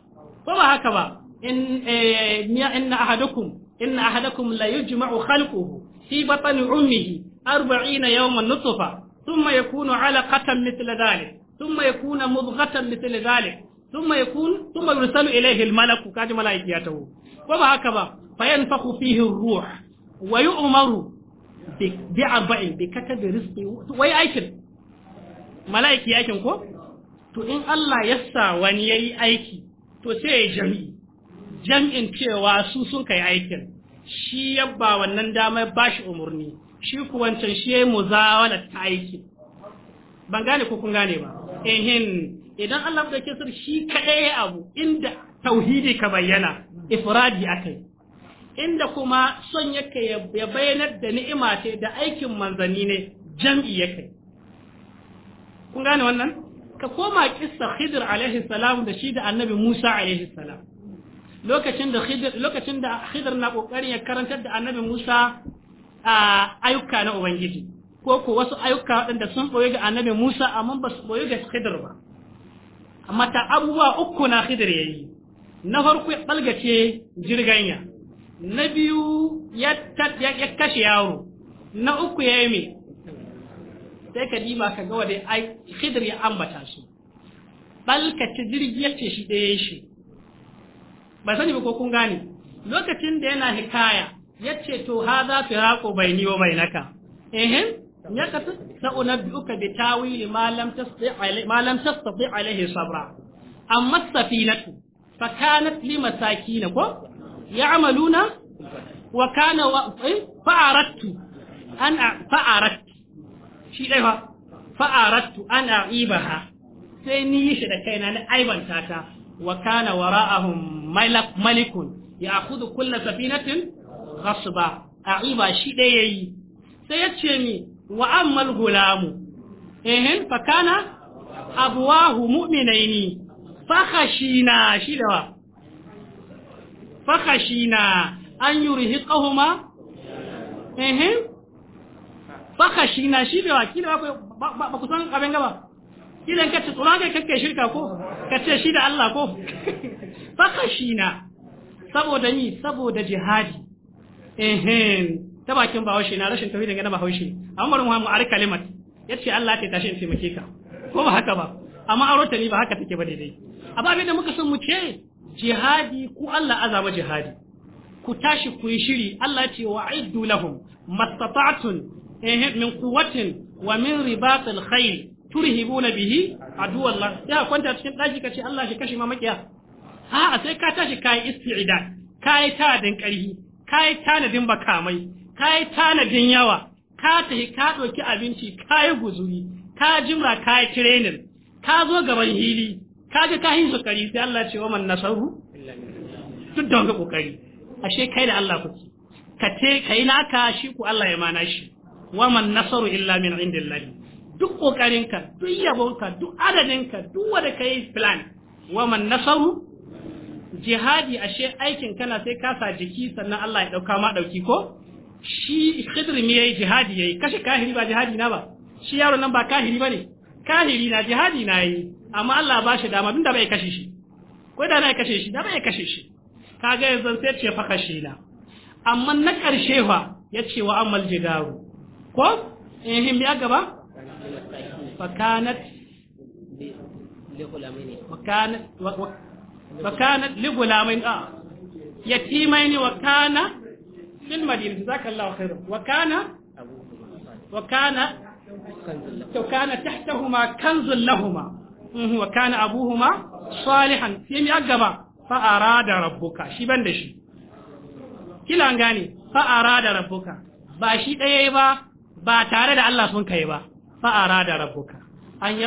ko ba haka ba in eh, inna ahadukum inna ahadakum la yujma'u khalquhu fi batni ummihi أربعين يوما نطفة ثم يكون علقة مثل ذلك ثم يكون مضغة مثل ذلك ثم يكون ثم يرسل إليه الملك كاج ملائكته وما هكذا فينفخ فيه الروح ويؤمر بأربع بكتب رزقه وي أيكن ملائكة أيكن كو to in Allah ya sa wani ya yi aiki to sai ya jami'i jami'in cewa su sun kai aikin shi ya ba wannan damar ba shi umarni shi kuwancan shi ya yi muzawalar ta aiki ban gane ko kun gane ba ehin idan Allah da ke sir shi kaɗai ya abu inda tauhidi ka bayyana ifradi yi. inda kuma son yake ya bayyanar da ni'ima ce da aikin manzanni ne jam'i yake kun gane wannan ka koma kissa Khidir alaihi salam da shi da Annabi Musa alaihi salam lokacin da Khidir lokacin da Khidir na kokarin ya karantar da Annabi Musa ayyuka na ubangiji ko ko wasu ayyuka waɗanda sun ɓoye ga annabi musa amma ba su ɓoye ga khidir ba amma ta abubuwa uku na khidir ya yi na farko ya ɓalgace jirganya na biyu ya kashe yaro na uku ya yi mai sai ka dima ka ga wadai ai khidir ya ambata su ɓalkace jirgi ya ce shi ɗaya shi ba sani ba ko kun gane lokacin da yana hikaya ya ce to hadha firaqu baini wa bainaka eh ya ka sa'unabbi'uka bi tawili ma lam tastati ma lam tastati alaihi sabra amma safinatu fa kanat masaki na ko ya'maluna wa kana wa eh, fa'arattu an fa'arattu shi dai fa fa'arattu an a'ibaha sai ni yi shi da kaina na aibanta ta wa kana wara'ahum malikun ya'khudhu kull safinatin ghasba a a'iba shi ɗaya yayi sai ya ce ni wa ammal gulamu ehin fakana abuwahu mu'minaini fakhashina shi da wa fakhashina an yurhiqahuma ehin fakhashina shi da wa kila ba ku san abin gaba idan ka ce tsoron kai kake shirka ko ka ce shi da Allah ko fakhashina saboda ni saboda jihadi ehin ta bakin bahaushe na rashin tauhidin ga na bahaushe Umar Muhammad ar kalimat yace Allah ta tashi in taimake ka ko ba haka ba amma aurota ni ba haka take ba daidai amma abin da muka san mu ce jihadi ku Allah azaba jihadi ku tashi ku yi shiri Allah ce wa aiddu lahum mastata'tun min quwwatin wa min ribatil khayl turhibuna bihi Allah ya kwanta cikin ka kace Allah shi kashe ma makiya ha sai ka tashi kai isti'dad kai ta din karhi ka yi tanadin bakamai ka yi tanadin yawa ka tafi ka ɗauki abinci ka yi guzuri ka jimra ka yi tirenin ka zo gaban hili ka ji ka yi sukari sai Allah ce wa man nasaru duk da wanga kokari ashe kai da Allah kuke ka te kai naka shi ku Allah ya mana shi wa man nasaru illa min indillah duk ka duk yabonka duk adadinka duk wanda kai plan wa man nasaru jihadi ashe aikin kana sai ka sa jiki sannan Allah ya dauka ma dauki ko shi khidr me yayi jihadi yayi kashe kahiri ba jihadi na ba shi yaro nan ba kahiri bane kahiri na jihadi na yi amma Allah ba shi dama tunda bai kashe shi ko da na kashe shi da bai kashe shi kaga yanzu sai ce fa kashe na amma na karshe fa yace wa amal jidaru ko in him ya gaba fa kanat فكانت لغلامين آه يتيمين وكان في المدينة جزاك الله خيرا وكان وكان وكان تحتهما كنز لهما وكان أبوهما صالحا يمي أقبا فأراد ربك شي بندشي kila an gane fa'ara da rabbuka ba shi ɗaya ba ba tare da Allah sun kai ba fa'ara da rabbuka an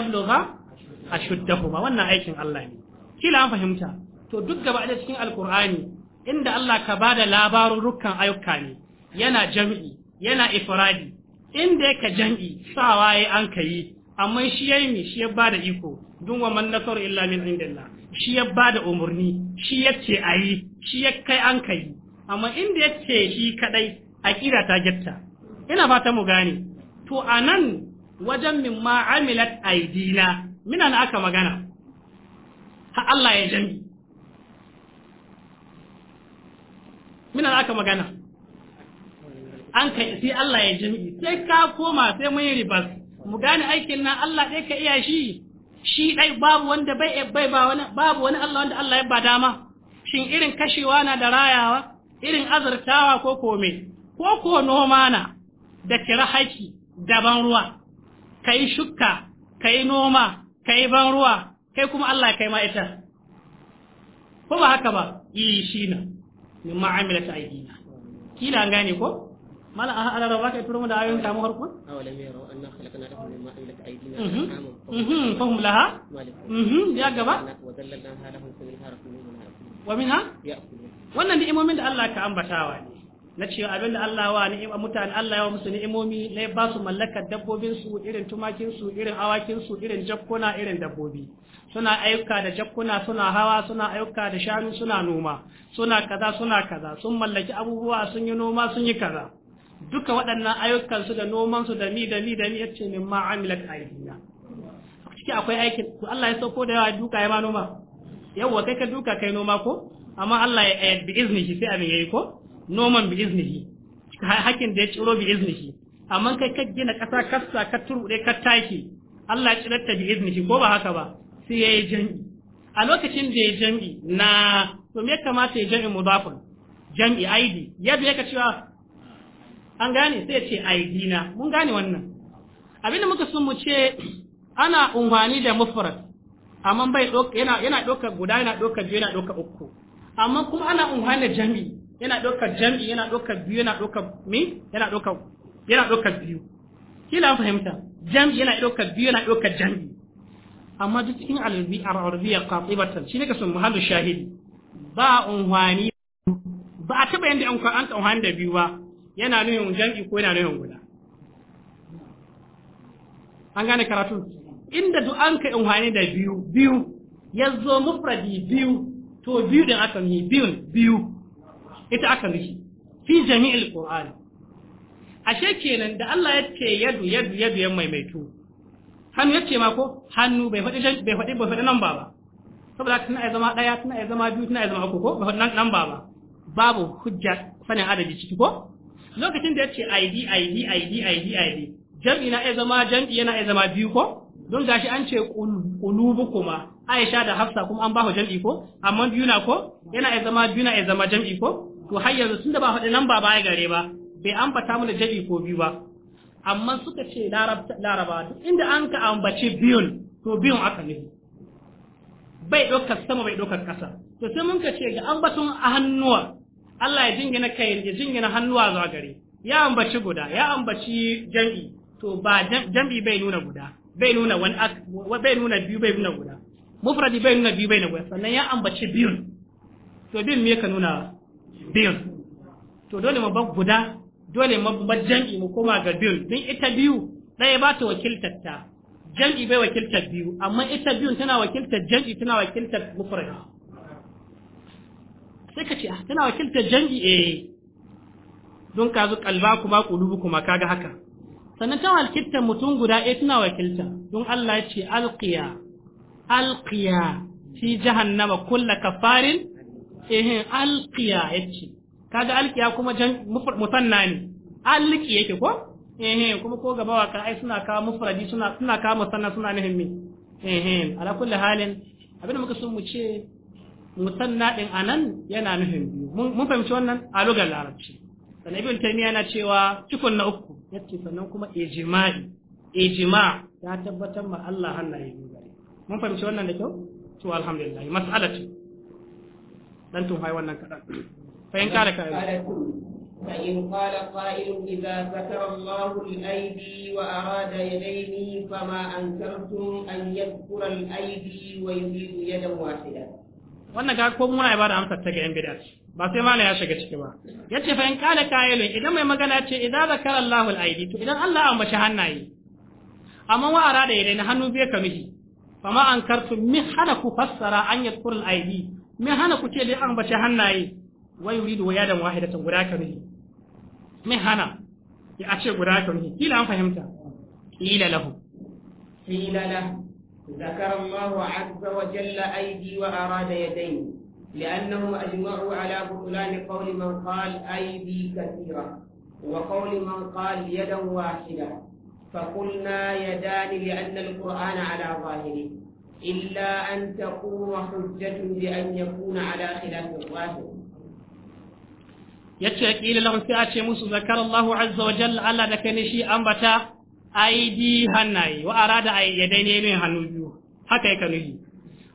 a wannan aikin Allah ne kila an fahimta to duk gaba da cikin alkur'ani inda Allah ka ba da labarurrukan ayyuka ne yana jam'i yana ifradi inda yake jam'i sawa yayi an kai amma shi yayi mi shi ya ba da iko dun wa man nasar illa min indillah shi ya ba da umurni shi yace ayi shi ya kai an kai amma inda yace shi kadai aqida ta jatta ina fata mu gane to anan wajen mimma amilat aidina minan aka magana har Allah ya jami mina aka magana an kai sai Allah ya jami sai ka koma sai mun yi ribas mu gane aikin nan Allah ɗaya ka iya shi shi ɗai babu wanda bai bai ba wani babu wani Allah wanda Allah ya ba dama shin irin kashewa na da rayawa irin azurtawa ko kome ko ko noma na da kira haki da ban ruwa ka yi shukka ka yi noma ka yi ban ruwa kai kuma Allah kai ma ita ko ba haka ba yi shi na min ma'amila ta aiki na kila an gane ko mala a haɗa ba ka turo mu da ayoyin kamu harko awalam yaro anna khalaqna lahum min ma'amila ta aiki na fahum laha mhm. ya gaba wa zallalna lahum fil harfi wa minha wannan ni'imomin da Allah ka ambatawa ne na cewa abinda Allah wa ni'ima mutane Allah ya musu ni'imomi ne ba su mallakar dabbobin su irin tumakin su irin awakin su irin jakkona irin dabbobi suna ayyuka da jakkuna suna hawa suna ayyuka da shanu suna noma suna kaza suna kaza sun mallaki abubuwa sun yi noma sun yi kaza duka waɗannan ayyukan su da noman su da ni da ni da ni yace min ma amilat aydina ciki akwai aikin ku Allah ya sauko da yawa duka ya ma noma yawa kai ka duka kai noma ko amma Allah ya ayyad eh, bi iznihi sai abin yayi ko noman bi iznihi hakin da ya ciro bi iznihi amma kai ka gina ƙasa kassa ka dai ka taki Allah ya tsirata bi iznihi ko ba haka ba sai ya yi jam'i a lokacin da ya jam'i na to me kamata ya jam'i mudafun jam'i id yadda ya ka cewa an gane sai ya ce id na mun gane wannan abinda muka sun mu ce ana unhwani da mufrad amma bai yana yana ɗaukar guda yana ɗaukar biyu yana ɗaukar uku amma kuma ana unhwani da jam'i yana ɗaukar jam'i yana ɗaukar biyu yana ɗaukar mi yana ɗaukar yana ɗaukar biyu kila fahimta jam'i yana ɗaukar biyu yana ɗaukar jam'i amma duk cikin al'arabiya qatibatan shi ne ka sun mahallu shahidi ba a unhwani ba a taɓa yadda an an unhwani da biyu ba yana nuhin jam'i ko yana nuhin guda an gane karatu inda duk an ka unhwani da biyu biyu ya zo mufradi biyu to biyu din aka yi biyun biyu ita aka mishi fi jami'il qur'ani ashe kenan da Allah ya ce yadu yadu yadu ya maimaito? hannu yace ma ko hannu bai faɗi bai faɗi bai faɗi nan ba ba saboda tana ya zama ɗaya tana ya zama biyu tana ya zama uku ko bai faɗi nan ba ba babu hujja sanin adadi ciki ko lokacin da yace ID ID ID ID ID jam'i na ya zama jam'i yana ya zama biyu ko don gashi an ce qulubu kuma Aisha da Hafsa kuma an ba hu jam'i ko amma biyu na ko yana ya zama biyu na ya zama jam'i ko to har yanzu tunda ba faɗi nan ba ba ya gare ba bai ambata mu da jam'i ko biyu ba amma suka ce laraba duk inda an ka ambaci biyun to biyun aka nufi bai ɗaukar sama bai ɗaukar ƙasa to sai mun ka ce ga ambaton a hannuwa Allah ya jingina kai ya jingina hannuwa zuwa gare ya ambaci guda ya ambaci jam'i to ba jam'i bai nuna guda bai nuna wani bai nuna biyu bai nuna guda mufradi bai nuna biyu bai nuna guda sannan ya ambaci biyun to biyun me ka nuna biyun to dole mu bar guda dole mabar mu koma ga biyun don ita biyu ɗaya ba ta wakiltar ta jam'i bai wakiltar biyu amma ita biyun tana wakiltar jam'i tana wakiltar mufrad sai ka ce ah, tana wakiltar jam'i eh don ka zo kalba kuma kulubu kuma kaga haka sannan ta wakiltar mutum guda ɗaya tana wakiltar. don Allah ya ce alqiya alqiya fi jahannama kulla kafarin eh alqiya yace kaga alkiya kuma jan musanna ne alki yake ko eh kuma ko gaba waka ai suna kawo mufradi suna suna kawo musanna suna nufin me eh ala kulli halin abin da muka so mu ce musanna din anan yana nufin biyu mun fahimci wannan a lugar larabci sannan ibn taymiya yana cewa cikon na uku yace sannan kuma ijma'i ijma ta tabbatar ma Allah Allah biyu gare mun fahimci wannan da kyau to alhamdulillah mas'alatu dan tun hai wannan kadan فإن قال قائل فإن قال قائل إذا ذكر الله الأيدي وأراد يديه فما أنكرتم أن يذكر الأيدي ويريد يدا واحدة wannan ga ko muna ba amsa ta ga yan ba sai mala ya shiga ciki ba yace fa in kala kayilu idan mai magana ce idan zakara Allahul aidi to idan Allah an bace hannaye amma wa arada idan hannu bai kamihi fama an kartu mi hana ku fassara an yadkur al aidi mi hana ku ce dai an bace hannaye ويريد ويادا واحدة wahidatan به ka nuhi يا hana ya a ce أنا ka قيل له an له ذكر الله عز وجل أيدي وأراد يدين لأنهم أجمعوا على بطلان قول من قال أيدي كثيرة وقول من قال يدا واحدة فقلنا يدان لأن القرآن على ظاهره إلا أن تقوم حجة بأن يكون على خلاف الظاهر yace kila lahum sai a ce musu zakara Allah azza wa jalla Allah da kai ne shi ambata aidi hannaye wa arada ay yadaini min hannu biyu haka yake nufi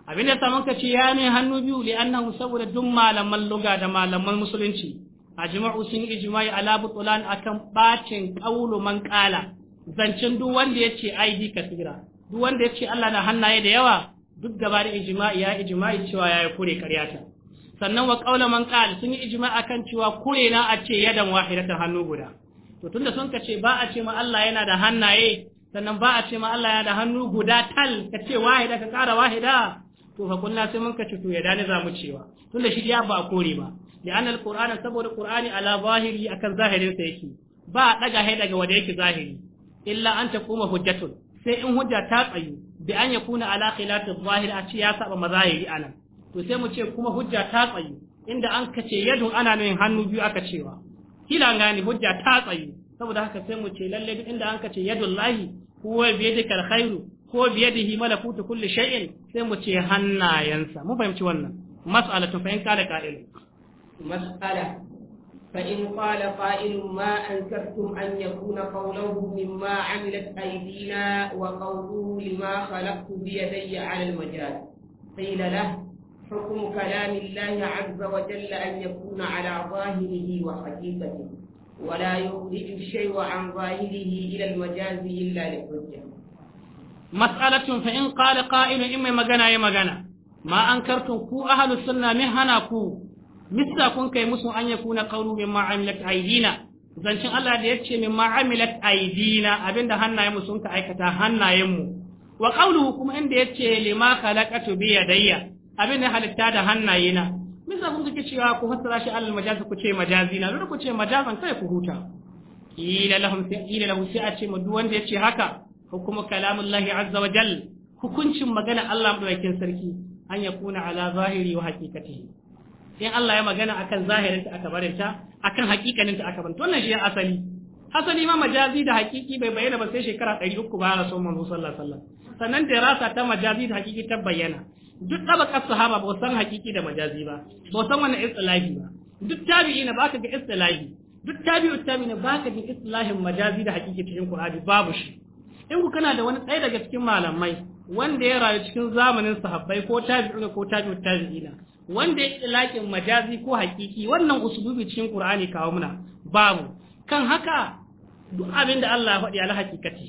Abinda da ka ce ya min hannu biyu li annahu saboda duk malaman luga da malaman musulunci ajma'u sun ijma'i ala butulan akan bacin qawlu man qala zancin duk wanda yace aidi kasira duk wanda yace Allah na hannaye da yawa duk gaba da ijma'i ya ijma'i cewa yayi kure karyata sannan wa qaula man sun yi a kan cewa kure na a ce yadan wahidatan hannu guda to tunda sun ka ce ba a ce ma Allah yana da hannaye sannan ba a ce ma Allah yana da hannu guda tal ka ce wahida ka kara wahida to fa kunna sai mun ka ci to ya dani za mu cewa tunda shi ya ba a kore ba li'anna al-qur'ana saboda qur'ani ala zahiri akan zahirin sa yake ba daga hay daga wanda yake zahiri illa an kuma hujjatun sai in hujja ta tsayu bi an yakuna ala khilafi zahir a ce ya saba mazahiri anan to sai mu ce kuma hujja ta tsayu inda an kace yadu ana nan hannu biyu aka cewa kila gani hujja ta tsayu saboda haka sai mu ce lalle duk inda an kace yadu lahi huwa biyadikal khairu ko biyadihi malakutu kulli shay'in sai mu ce hannayensa mu fahimci wannan mas'alatu fa in qala qa'il mas'ala fa in qala qa'il ma ankartum an yakuna qawluhu mimma 'amilat aydina wa qawluhu lima khalaqtu bi yadayya 'ala al-majaz qila lahu حكم كلام الله عز وجل أن يكون على ظاهره وحقيقته ولا يخرج الشيء عن ظاهره إلى المجاز إلا لحجة مسألة فإن قال قائل إما مجانا يا مجانا ما أنكرتم كو أهل السنة مهنا كو مثل كن كي مسو أن يكون قول مما عملت أيدينا zancin Allah da ya ce min ma'amilat aidina abinda hannayenmu sun ka aikata hannayenmu wa qawluhu kuma inda ya ce lima khalaqatu bi yadayya abin ya halitta da hannaye na misa kun kike cewa ku fassara shi alal majaz ku ce majazi na ku ce majazan kai ku huta ila lahum ila lahum sai a ce mu duk wanda yace haka hukumu kalamullahi azza wa jal hukuncin magana Allah madaukakin sarki an ya kuna ala zahiri wa haqiqatihi in Allah ya magana akan zahirinta aka barinta akan ta aka barinta wannan shi asali asali ma majazi da haqiqi bai bayyana ba sai shekara 300 ba rasulullahi sallallahu alaihi wasallam sannan dirasa ta majazi da haqiqi ta bayyana duk tabakar sahaba ba san hakiki da majazi ba ba san wannan istilahi ba duk tabi'i na baka ga istilahi duk tabi'u tabi'i na baka ga istilahin majazi da hakiki cikin Qur'ani babu shi in ku kana da wani tsaye daga cikin malamai wanda ya rayu cikin zamanin sahabbai ko tabi'u ko tabi'u tabi'ina wanda ya ilakin majazi ko hakiki wannan usulubi cikin Qur'ani kawo muna babu kan haka duk abin da Allah ya faɗi ala hakikati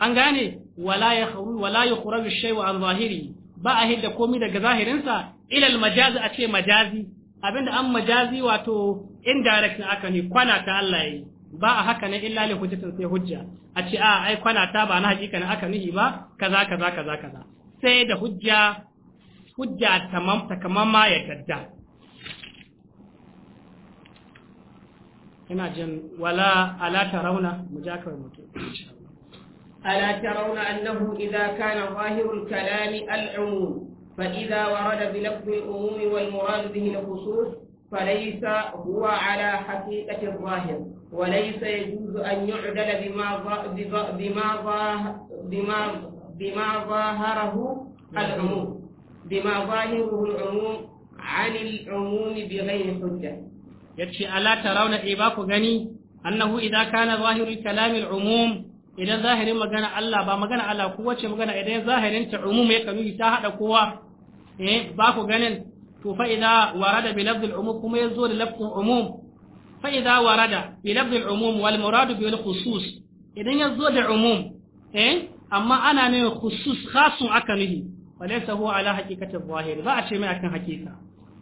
an gane wala ya khuru wala yukhraju shay'u an zahiri ba a hidda komi daga zahirinsa ilal majazi a ce majazi abinda an majazi wato indirect aka ne kwana ta Allah yi ba a haka ne illa li hujjatin sai hujja a ce a ah, ai kwana ta ba na hakika na aka nihi ba kaza kaza kaza kaza sai da hujja hujja tamam takamama ya tadda ina jin wala ala tarawna mu ja insha Allah ألا ترون أنه إذا كان ظاهر الكلام العموم فإذا ورد بلفظ الأموم والمراد به الخصوص فليس هو على حقيقة الظاهر وليس يجوز أن يعدل بما بما بما بما ظاهره العموم بما ظاهره العموم عن العموم بغير حجة يكشي ألا ترون إباق غني أنه إذا كان ظاهر الكلام العموم idan zahirin magana Allah ba magana Allah ko wace magana idan zahirin ta umum ya kanu ta hada kowa eh ba ku ganin to fa idza warada bi lafz al-umum kuma yazo da lafzin umum fa idza warada bi lafz al-umum wal murad bi al-khusus idan yazo da umum eh amma ana ne khusus khasun aka nihi walaysa huwa ala haqiqati zahir ba a ce mai akan haqiqa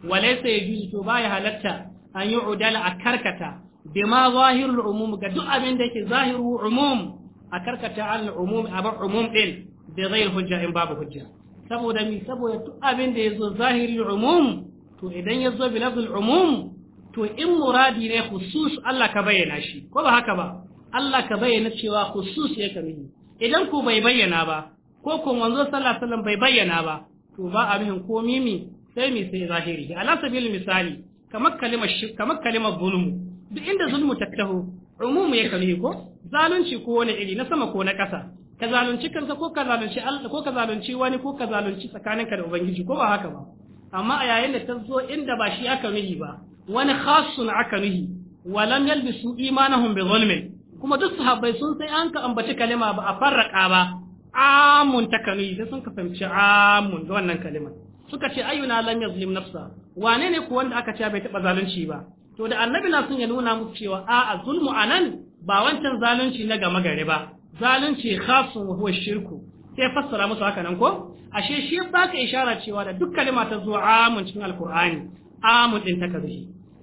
walaysa yajuzu to baya halatta an yi udala a karkata bima zahirul umum ga duk abin da yake zahiru umum a karkata an umum abar umum din da zai hujja in babu hujja saboda mi saboda duk abin da yazo zahiri umum to idan yazo bi lafzul umum to in muradi ne khusus Allah ka bayyana shi ko ba haka ba Allah ka bayyana cewa khusus ya kami idan ku bai bayyana ba ko kun wanzo sallallahu alaihi wasallam bai bayyana ba to ba a mihin ko mimi sai mi sai zahiri ala sabilil misali kamar kalimar kamar kalimar zulmu duk inda zulmu ta taho umumu ya kalli ko zalunci ko wani iri na sama ko na ƙasa ka zalunci kansa ko ka zalunci Allah ko ka zalunci wani ko ka zalunci tsakaninka da ubangiji ko ba haka ba amma a yayin da ta zo inda ba shi aka nuhi ba wani khasun aka nuhi lam yalbisu imanahum bi zulmi kuma duk sahabbai sun sai an ka ambaci kalima ba a farraka ba amun ta kanu sai sun ka fahimci amun da wannan kalimar suka ce ayyuna lam yazlim nafsa wane ne ku wanda aka ce bai taba zalunci ba to da annabi na sun ya nuna muku cewa a'a zulmu anan ba wancan zalunci na gama gari ba zalunci khasun wa huwa shirku sai fassara musu haka nan ko ashe shi ba ka ishara cewa da duk kalma ta zo amun cikin alqur'ani amun din ta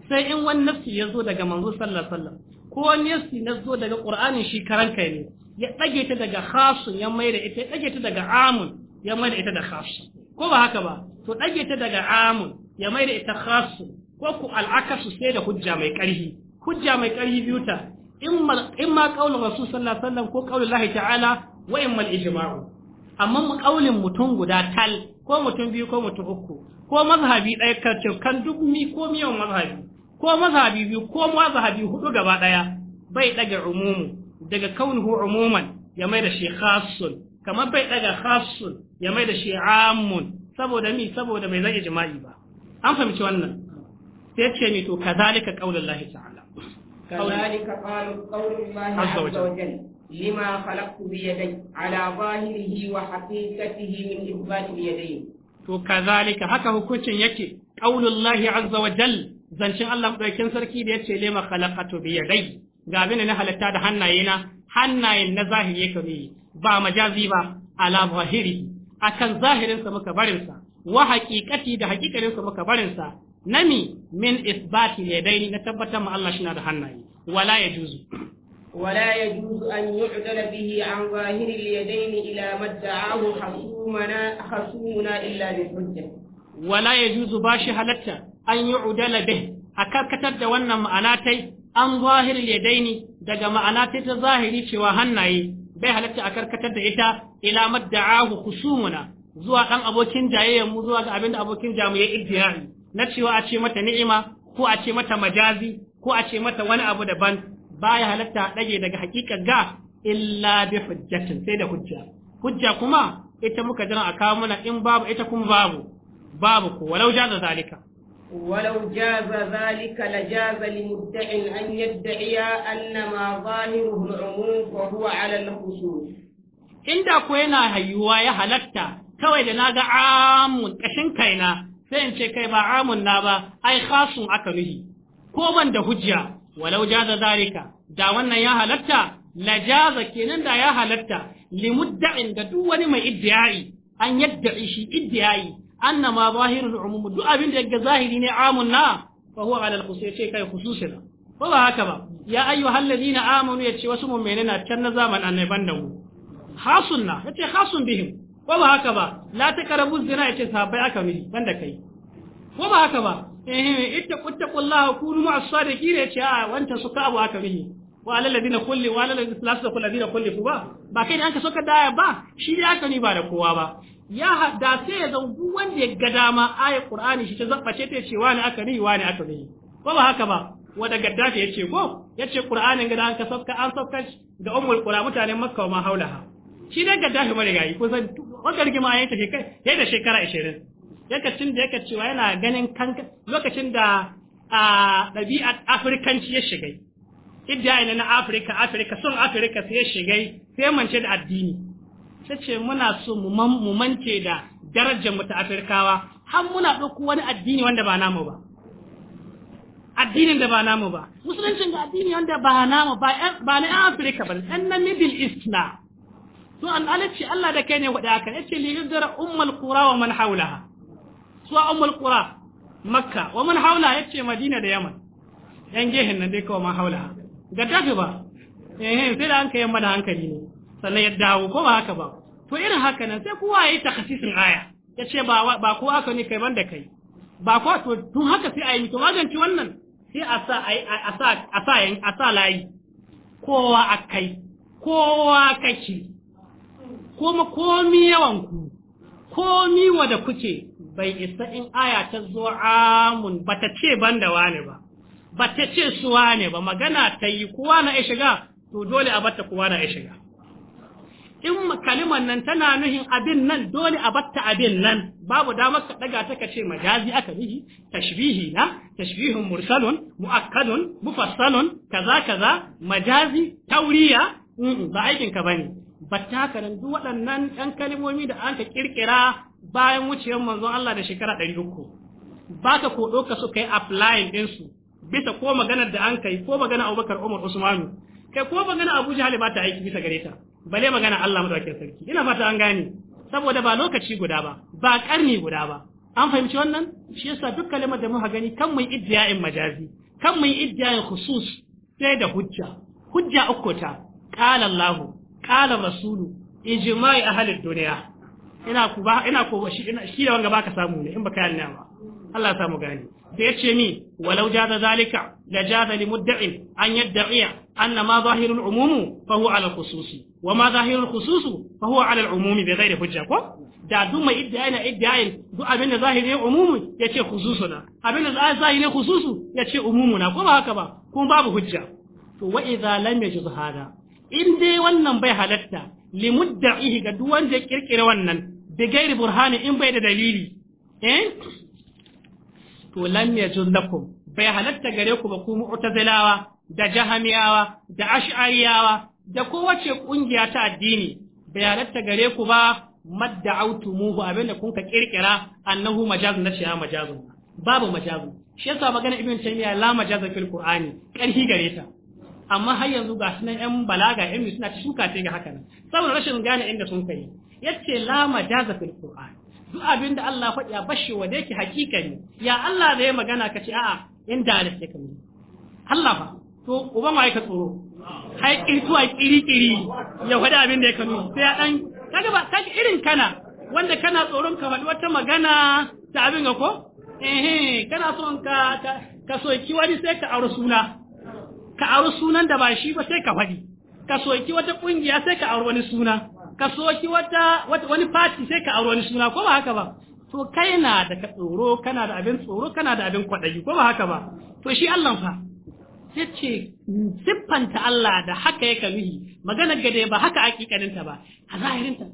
sai in wani nafsi ya zo daga manzo sallallahu alaihi wasallam ko wani nafsi na zo daga qur'anin shi karan kai ne ya dage ta daga khasun ya mai da ita ya dage ta daga amun ya mai da ita da khasun ko ba haka ba to dage ta daga amun ya mai da ita khasun ko ku al'akasu sai da hujja mai ƙarfi hujja mai ƙarfi biyu ta in ma ƙaunar rasu sallallahu sallam ko ƙaunar lahi ta'ala wa in mal ijma'u amma mu ƙaunin mutum guda tal ko mutum biyu ko mutum uku ko mazhabi ɗaya kacin kan duk mi ko miyan mazhabi ko mazhabi biyu ko mazhabi hudu gaba ɗaya bai ɗaga umumu daga kaunuhu umuman ya mai da shi khassun kamar bai ɗaga khassun ya mai da shi amun saboda mi saboda bai zai jima'i ba an fahimci wannan sai ce mi to kazalika qaulullahi ta'ala كذلك قالوا قول الله عز وجل لما خلقت بيدي على ظاهره وحقيقته من إثبات اليدين وكذلك هكا هكوشن يكي قول الله عز وجل zancin Allah ɗaukin sarki da ya ce lema khalaqatu ga abin na halatta da na, hannayen na zahiri ya ne ba majazi ba ala zahiri akan zahirinsa muka barinsa, wa haqiqati da haƙiƙarinsa sa muka barinsa. nami min isbati yadaini na tabbatar ma Allah shi na da hannaye wala ya juzu ولا يجوز أن يعدل به عن ظاهر اليدين إلى ما ادعاه خصومنا خصومنا إلا بالحجة ولا يجوز باشي هلتا أن يعدل به أكاكتت دوانا معناتي عن ظاهر اليدين دقا معناتي تظاهري شوى هنائي bai halatta a karkatar da ita ila madda'ahu khusumuna zuwa dan abokin jayayya mu zuwa ga abinda abokin jamu ya na cewa a ce mata ni'ima ko a ce mata majazi ko a ce mata wani abu daban baya halatta dage daga hakikar ga illa bi hujjatin sai da hujja hujja kuma ita muka jira a kawo mana in babu ita kuma babu babu ko walau jaza zalika ولو جاز an لجاز لمدع أن يدعي أن ما ظاهره العموم وهو على الخصوص inda ko yana hayuwa ya halatta kawai da na ga amun ƙashin kaina sai in ce kai ba amun na ba ai khasun aka nuhi ko ban da hujja walau jaza zalika da wannan ya halatta la jaza kenan da ya halatta li mudda'in da duk wani mai iddiya'i an yadda'i shi iddiya'i annama zahirul umum duk abin da yake zahiri ne amun na fa huwa ala al-khusus kai khususina ko ba haka ba ya ayyuhal ladina amanu yace wasu mu'minina can na zaman annaban da mu hasunna yace hasun bihim ko ba haka ba la ta karabu zina yace sabai aka miji banda kai ko ba haka ba eh itta kuttaqullaha kunu ma'as sadiqin yace a wanta suka abu aka miji wa alal ladina kulli wa alal ladina ladina kulli ba ba kai ne anka soka daya ba shi da aka ni ba da kowa ba ya hada sai ya zan duk wanda ya ga dama ayat qur'ani shi ta zabbace ta ce wani aka ni wani aka ni ko ba haka ba wanda gaddafi yace ko yace qur'anin ga an ka sauka an sauka ga ummul qura mutanen makka ma haulaha shi dai gaddafi mara yayi ko san wanda rigima ya tafi kai yayi da shekara 20 lokacin da yake cewa yana ganin lokacin da a ɗabi'ar afirkanci ya shiga idda na afirka afirka son afirka sai ya shiga sai mance da addini sai ce muna so mu mance da darajar mutu ta afirkawa har muna ɗauko wani addini wanda ba namu ba addinin da ba namu ba Musulunci ga addini wanda ba namu ba na afirka ba na middle east na to an shi Allah da kai ne wada haka yace ce liyudara ummul qura wa man hawlaha suwa ummul qura makka wa man ya yace madina da yaman yan gehen nan dai kawai man hawlaha ga tafi ba eh sai da an kai da hankali ne sannan ya dawo ko ba haka ba to irin haka nan sai kowa yayi takhasisin aya yace ba ba ko aka ne kai banda kai ba ko to tun haka sai ayi to magance wannan sai a sa a sa a sa layi kowa akai kowa kake kuma komi yawan ku komi da kuke bai isa in aya ta zo amun ba ta ce ban da wane ba ba ta ce su wane ba magana ta yi kowa na ishiga, to dole a batta kowa na ishiga. in kalimar nan tana nuhin abin nan dole a batta abin nan babu damar ka daga ta kace majazi aka nihi tashbihi na tashbihun mursalun muakkadun mufassalun kaza kaza majazi tauriya ba aikin ka bane batta haka nan duk waɗannan ɗan kalmomi da an ƙirƙira bayan wucewar manzon Allah da shekara ɗari uku ba ka ko ɗauka su kai applying ɗinsu bisa ko maganar da an kai ko magana Abubakar Umar Usmanu kai ko magana Abu Jahal ba ta aiki bisa gare ta bale magana Allah madaukakin sarki ina fata an gane saboda ba lokaci guda ba ba ƙarni guda ba an fahimci wannan shi yasa duk kalimar da muka gani kan mai iddiya'in majazi kan mai iddiya'in khusus sai da hujja hujja uku ta qala qala rasulu ijma'i ahli duniya ina ku ba ina ko shi shi da wanga baka samu ne in baka yi ba Allah ya samu gani sai yace ni walau jaza zalika la jaza li mudda'in an yadda'i anna ma zahirul umum fa huwa ala khususi wa ma zahirul khususu fa huwa ala al-umumi bi ghairi hujja ko da duk mai idda yana iddayin duk abin da zahiri ne umumi yace khususuna abin da zahiri ne khususu yace umumuna ko ba haka ba kuma babu hujja to wa idza lam yajuz hada in dai wannan bai halatta mudda'ihi ga duk wanda ya kirkira wannan bi gairi burhani in bai da dalili eh to lam yajuz lakum bai halatta gare ku ba ku mu'tazilawa da jahamiyawa da ash'ariyawa da kowace kungiya ta addini bai halatta gare ku ba madda'autumuhu abinda kun ka kirkira annahu majazun na shi'a majazun babu majazun shi yasa magana ibn taymiya la majazun fil qur'ani karhi gare ta amma har yanzu ga sunan yan balaga yan suna ci shuka ce ga haka nan saboda rashin gane inda sun kai yace la majaza fil qur'an duk abin da Allah faɗi a bashi wa da yake hakika ne ya Allah da ya magana kace a'a in da alif ne Allah fa to uba ma ka tsoro kai kirtuwa kirikiri ya faɗi abin da ya kanu sai ya dan kaga ba kaga irin kana wanda kana tsoron ka faɗi wata magana ta abin ga ko eh kana son ka ka soki wani sai ka aure suna ka auri sunan da ba shi ba sai ka faɗi ka soki wata ƙungiya sai ka auri wani suna ka soki wata wani fati sai ka auri wani suna ko ba haka ba to kai na da ka tsoro kana da abin tsoro kana da abin kwaɗayi ko ba haka ba to shi Allah fa sai ce siffanta Allah da haka ya kanuhi magana gade ba haka hakikaninta ba a ta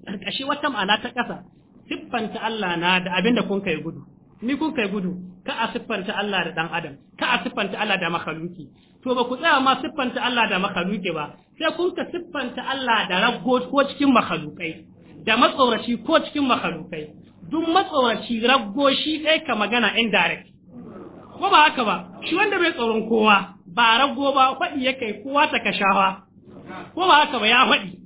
karkashi wata ma'ana ta ƙasa siffanta Allah na da abin da kun kai gudu ni kun kai gudu ka a siffanta Allah da dan adam ka a siffanta Allah da makhluki to ba ku tsaya ma siffanta Allah da makaluke ba sai kun ka siffanta Allah da raggo ko cikin makalukai da matsoraci ko cikin makalukai duk matsoraci raggo shi ɗaya ka magana indirect ko ba haka ba shi wanda bai tsoron kowa ba raggo ba faɗi ya kai kowa ta kashawa ko ba haka ba ya faɗi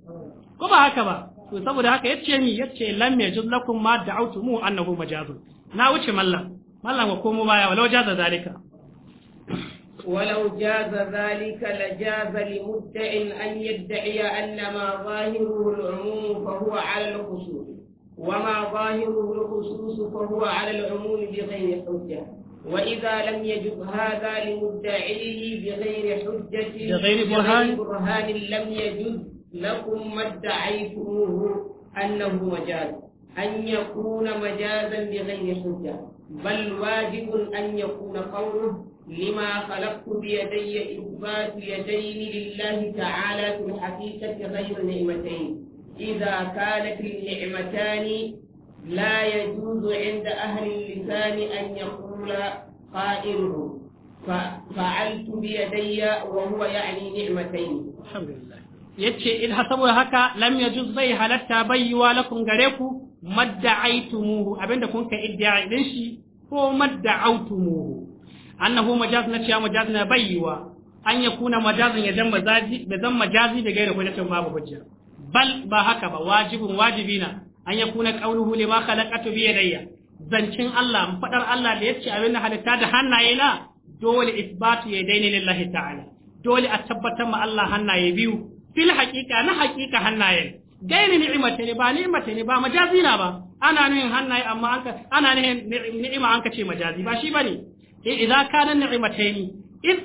ko ba haka ba to saboda haka yace ni yace lam yajuz lakum ma da'utumu annahu majazun na wuce mallam mallam ko komo baya walau jaza zalika ولو جاز ذلك لجاز لمدع أن يدعي أن ما ظاهره العموم فهو على الخصوص وما ظاهره الخصوص فهو على العموم بغير حجة وإذا لم يجب هذا لمدعيه بغير حجة بغير برهان برهان لم يجز لكم ما ادعيتموه أنه مجاز أن يكون مجازا بغير حجة بل واجب أن يكون قوله لما خلقت بيدي إثبات يدين لله تعالى في الحقيقة غير النعمتين إذا كانت النعمتان لا يجوز عند أهل اللسان أن يقول قائله فعلت بيدي وهو يعني نعمتين الحمد لله yace in saboda haka lam yajuz bai halatta bayyuwa lakum gare ku madda'aitumuhu abinda kun ka iddia shi ko annahu majaz na cewa majaz na bayyiwa an ya kuna majazin ya zan majazi bai zan majazi da gaira hujjatin babu hujja bal ba haka ba wajibin wajibi na an ya kuna qauluhu lima khalaqatu bi yadayya zancin Allah fadar Allah da yace abin halitta da hannaye na dole isbatu yadaini lillahi ta'ala dole a tabbatar ma Allah hannaye biyu fil haqiqa na haqiqa hannayen gairi ni'imata ne ba ni'imata ne ba na ba ana nuhin hannaye amma ana nuhin ni'ima an kace majazi ba shi bane Eh, idza kana ni'mataini iz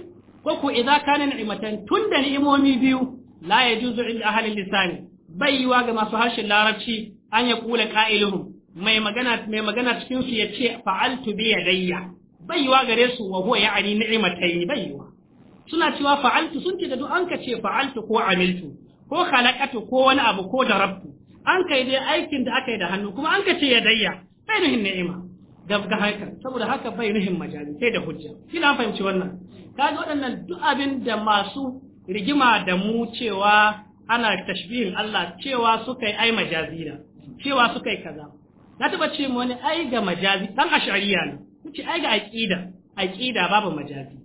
ko idza kana ni'matan tunda ni'imomi biyu la yajuzu inda ahli lisani bai yiwa ga masu harshen larabci an ya kula qa'iluhum mai magana mai magana cikin su yace fa'altu bi yadayya bai yiwa gare su wa huwa ya'ani ni'mataini bai yiwa suna cewa fa'altu sun ce da duk an ka ce fa'altu ko amiltu ko khalaqatu ko wani abu ko darabtu an kai dai aikin da aka yi da hannu kuma an ka ce yadayya bai nuhin ni'ima ga haka saboda haka bai nuhin majali sai da hujja kina fahimci wannan kaga waɗannan duk abin da masu rigima da mu cewa ana tashbihin Allah cewa suka yi ai majazina cewa suka yi kaza na taba ce mu wani ai ga majazi dan ashariya ne kuce ai ga aqida aqida babu majazi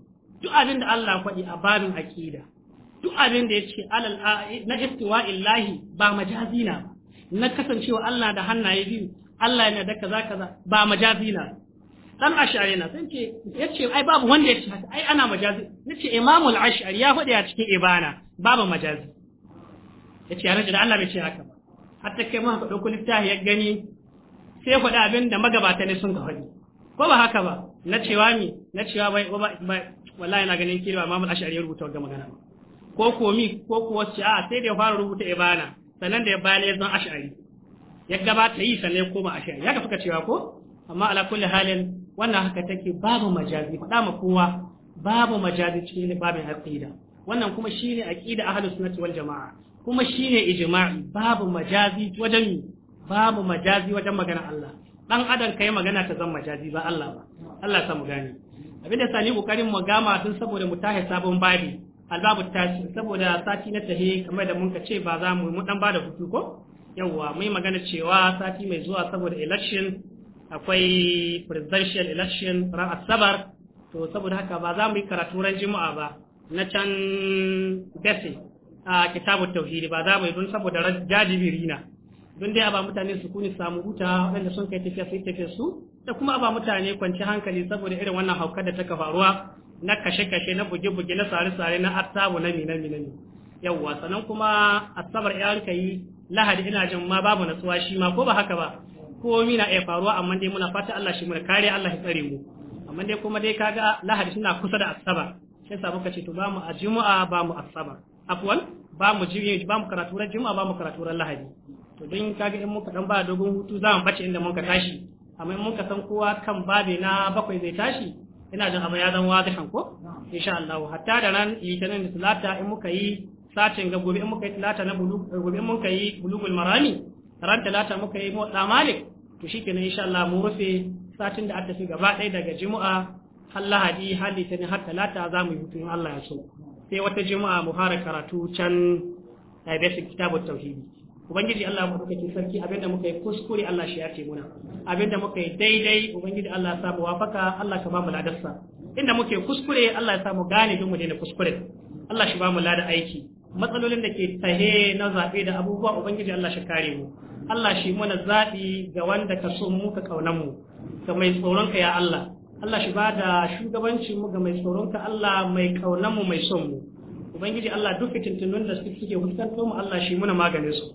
duk abin da Allah kwadi a babin aqida duk abin da yace alal na istiwa illahi ba majazina ba na kasancewa Allah da hannaye biyu Allah yana da kaza kaza ba majazi na dan ash'ari na sai ce yace ai babu wanda ya ce haka ai ana majazi nace imamul ash'ari ya faɗi a cikin ibana babu majazi yace ya da Allah bai ce haka ba hatta kai ma ka dauko littafi ya gani sai faɗi abin da magabata ne sun ka faɗi ko ba haka ba na cewa mi na cewa bai wallahi na ganin kiri ba imamul ash'ari ya rubuta wannan magana ko komi ko kuwa ce a sai da ya fara rubuta ibana sannan da ya bayar ya zan ash'ari ya gabata yi sannan ya koma ashirin ya ka cewa ko amma ala kulli halin wannan haka take babu majazi faɗa ma kowa babu majazi cikin babin aqida wannan kuma shine aqida ahlus sunnati wal jamaa kuma shine ijma'i babu majazi wajen babu majazi wajen magana Allah dan adam kai magana ta zan majazi ba Allah ba Allah ya mu gane abinda sani kokarin mu gama tun saboda mu tahe sabon babi albabu tashi saboda sati na tahe kamar da mun ka ce ba za mu mu dan bada hutu ko yawwa mai magana cewa sati mai zuwa saboda election akwai presidential election ran asabar to saboda haka ba za mu yi karatu ran juma'a ba na can gasi a kitabu tauhidi ba za mu yi don saboda jajibiri na don dai a ba mutane su kuni samu huta waɗanda sun kai tafiya su tafiya su da kuma a ba mutane kwanci hankali saboda irin wannan haukar da ta faruwa na kashe-kashe na buge-buge na sare-sare na attabu na minami-minami yawwa sannan kuma asabar ya rika lahadi ina jin ma babu natsuwa shi ma ko ba haka ba komi na iya faruwa amma dai muna fata Allah shi mu kare Allah ya tsare mu amma dai kuma dai kaga lahadi suna kusa da asaba sai sa muka ce to ba mu a juma'a ba mu asaba afwan ba mu ba mu karatu ran juma'a ba mu karatu ran lahadi to don kaga in muka dan ba dogon hutu za mu bace inda muka tashi amma in muka san kowa kan babe na bakwai zai tashi ina jin abu ya zan kan ko insha Allah hatta da ran litinin da talata in muka yi satin ga gobe in muka yi talata na eh, gobe muka yi bulugul marami ran talata muka yi motsa malik to shikenan insha Allah mu rufe satin da aka fi gaba ɗaya daga juma'a har lahadi har litinin har talata za mu yi hutu in Allah ya so sai wata juma'a mu fara karatu can a basic kitabut tauhidi ubangiji Allah mu dauke sarki abinda muka yi kuskure Allah shi yace muna abinda muka yi daidai ubangiji Allah ya samu wafaka Allah ka ba mu ladarsa inda muke kuskure Allah ya samu gane don mu daina kuskure Allah shi ba mu lada aiki matsalolin da ke tahe na zaɓe da abubuwa ubangiji Allah shi kare mu Allah shi mana zaɓi ga wanda ka so mu ka ƙauna mu ga mai tsoron ka ya Allah Allah shi bada shugabancin mu ga mai tsoron ka Allah mai ƙauna mu mai son mu ubangiji Allah duk fitintunun da suke fuskantar mu Allah shi muna maganin su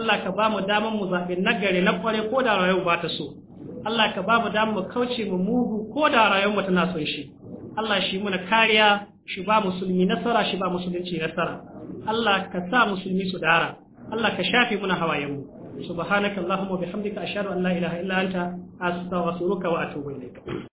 Allah ka ba mu damar mu zaɓi nagare na kware ko da rayuwa ba ta so Allah ka ba mu damar mu kauce mu mugu ko da rayuwar mu tana son shi Allah shi muna kariya shi ba musulmi nasara shi ba musulunci nasara Allah ka sa musulmi su dara Allah ka shafe muna hawayenmu subhanakallahumma bihamdika ashhadu an la ilaha illa anta astaghfiruka wa atubu ilaik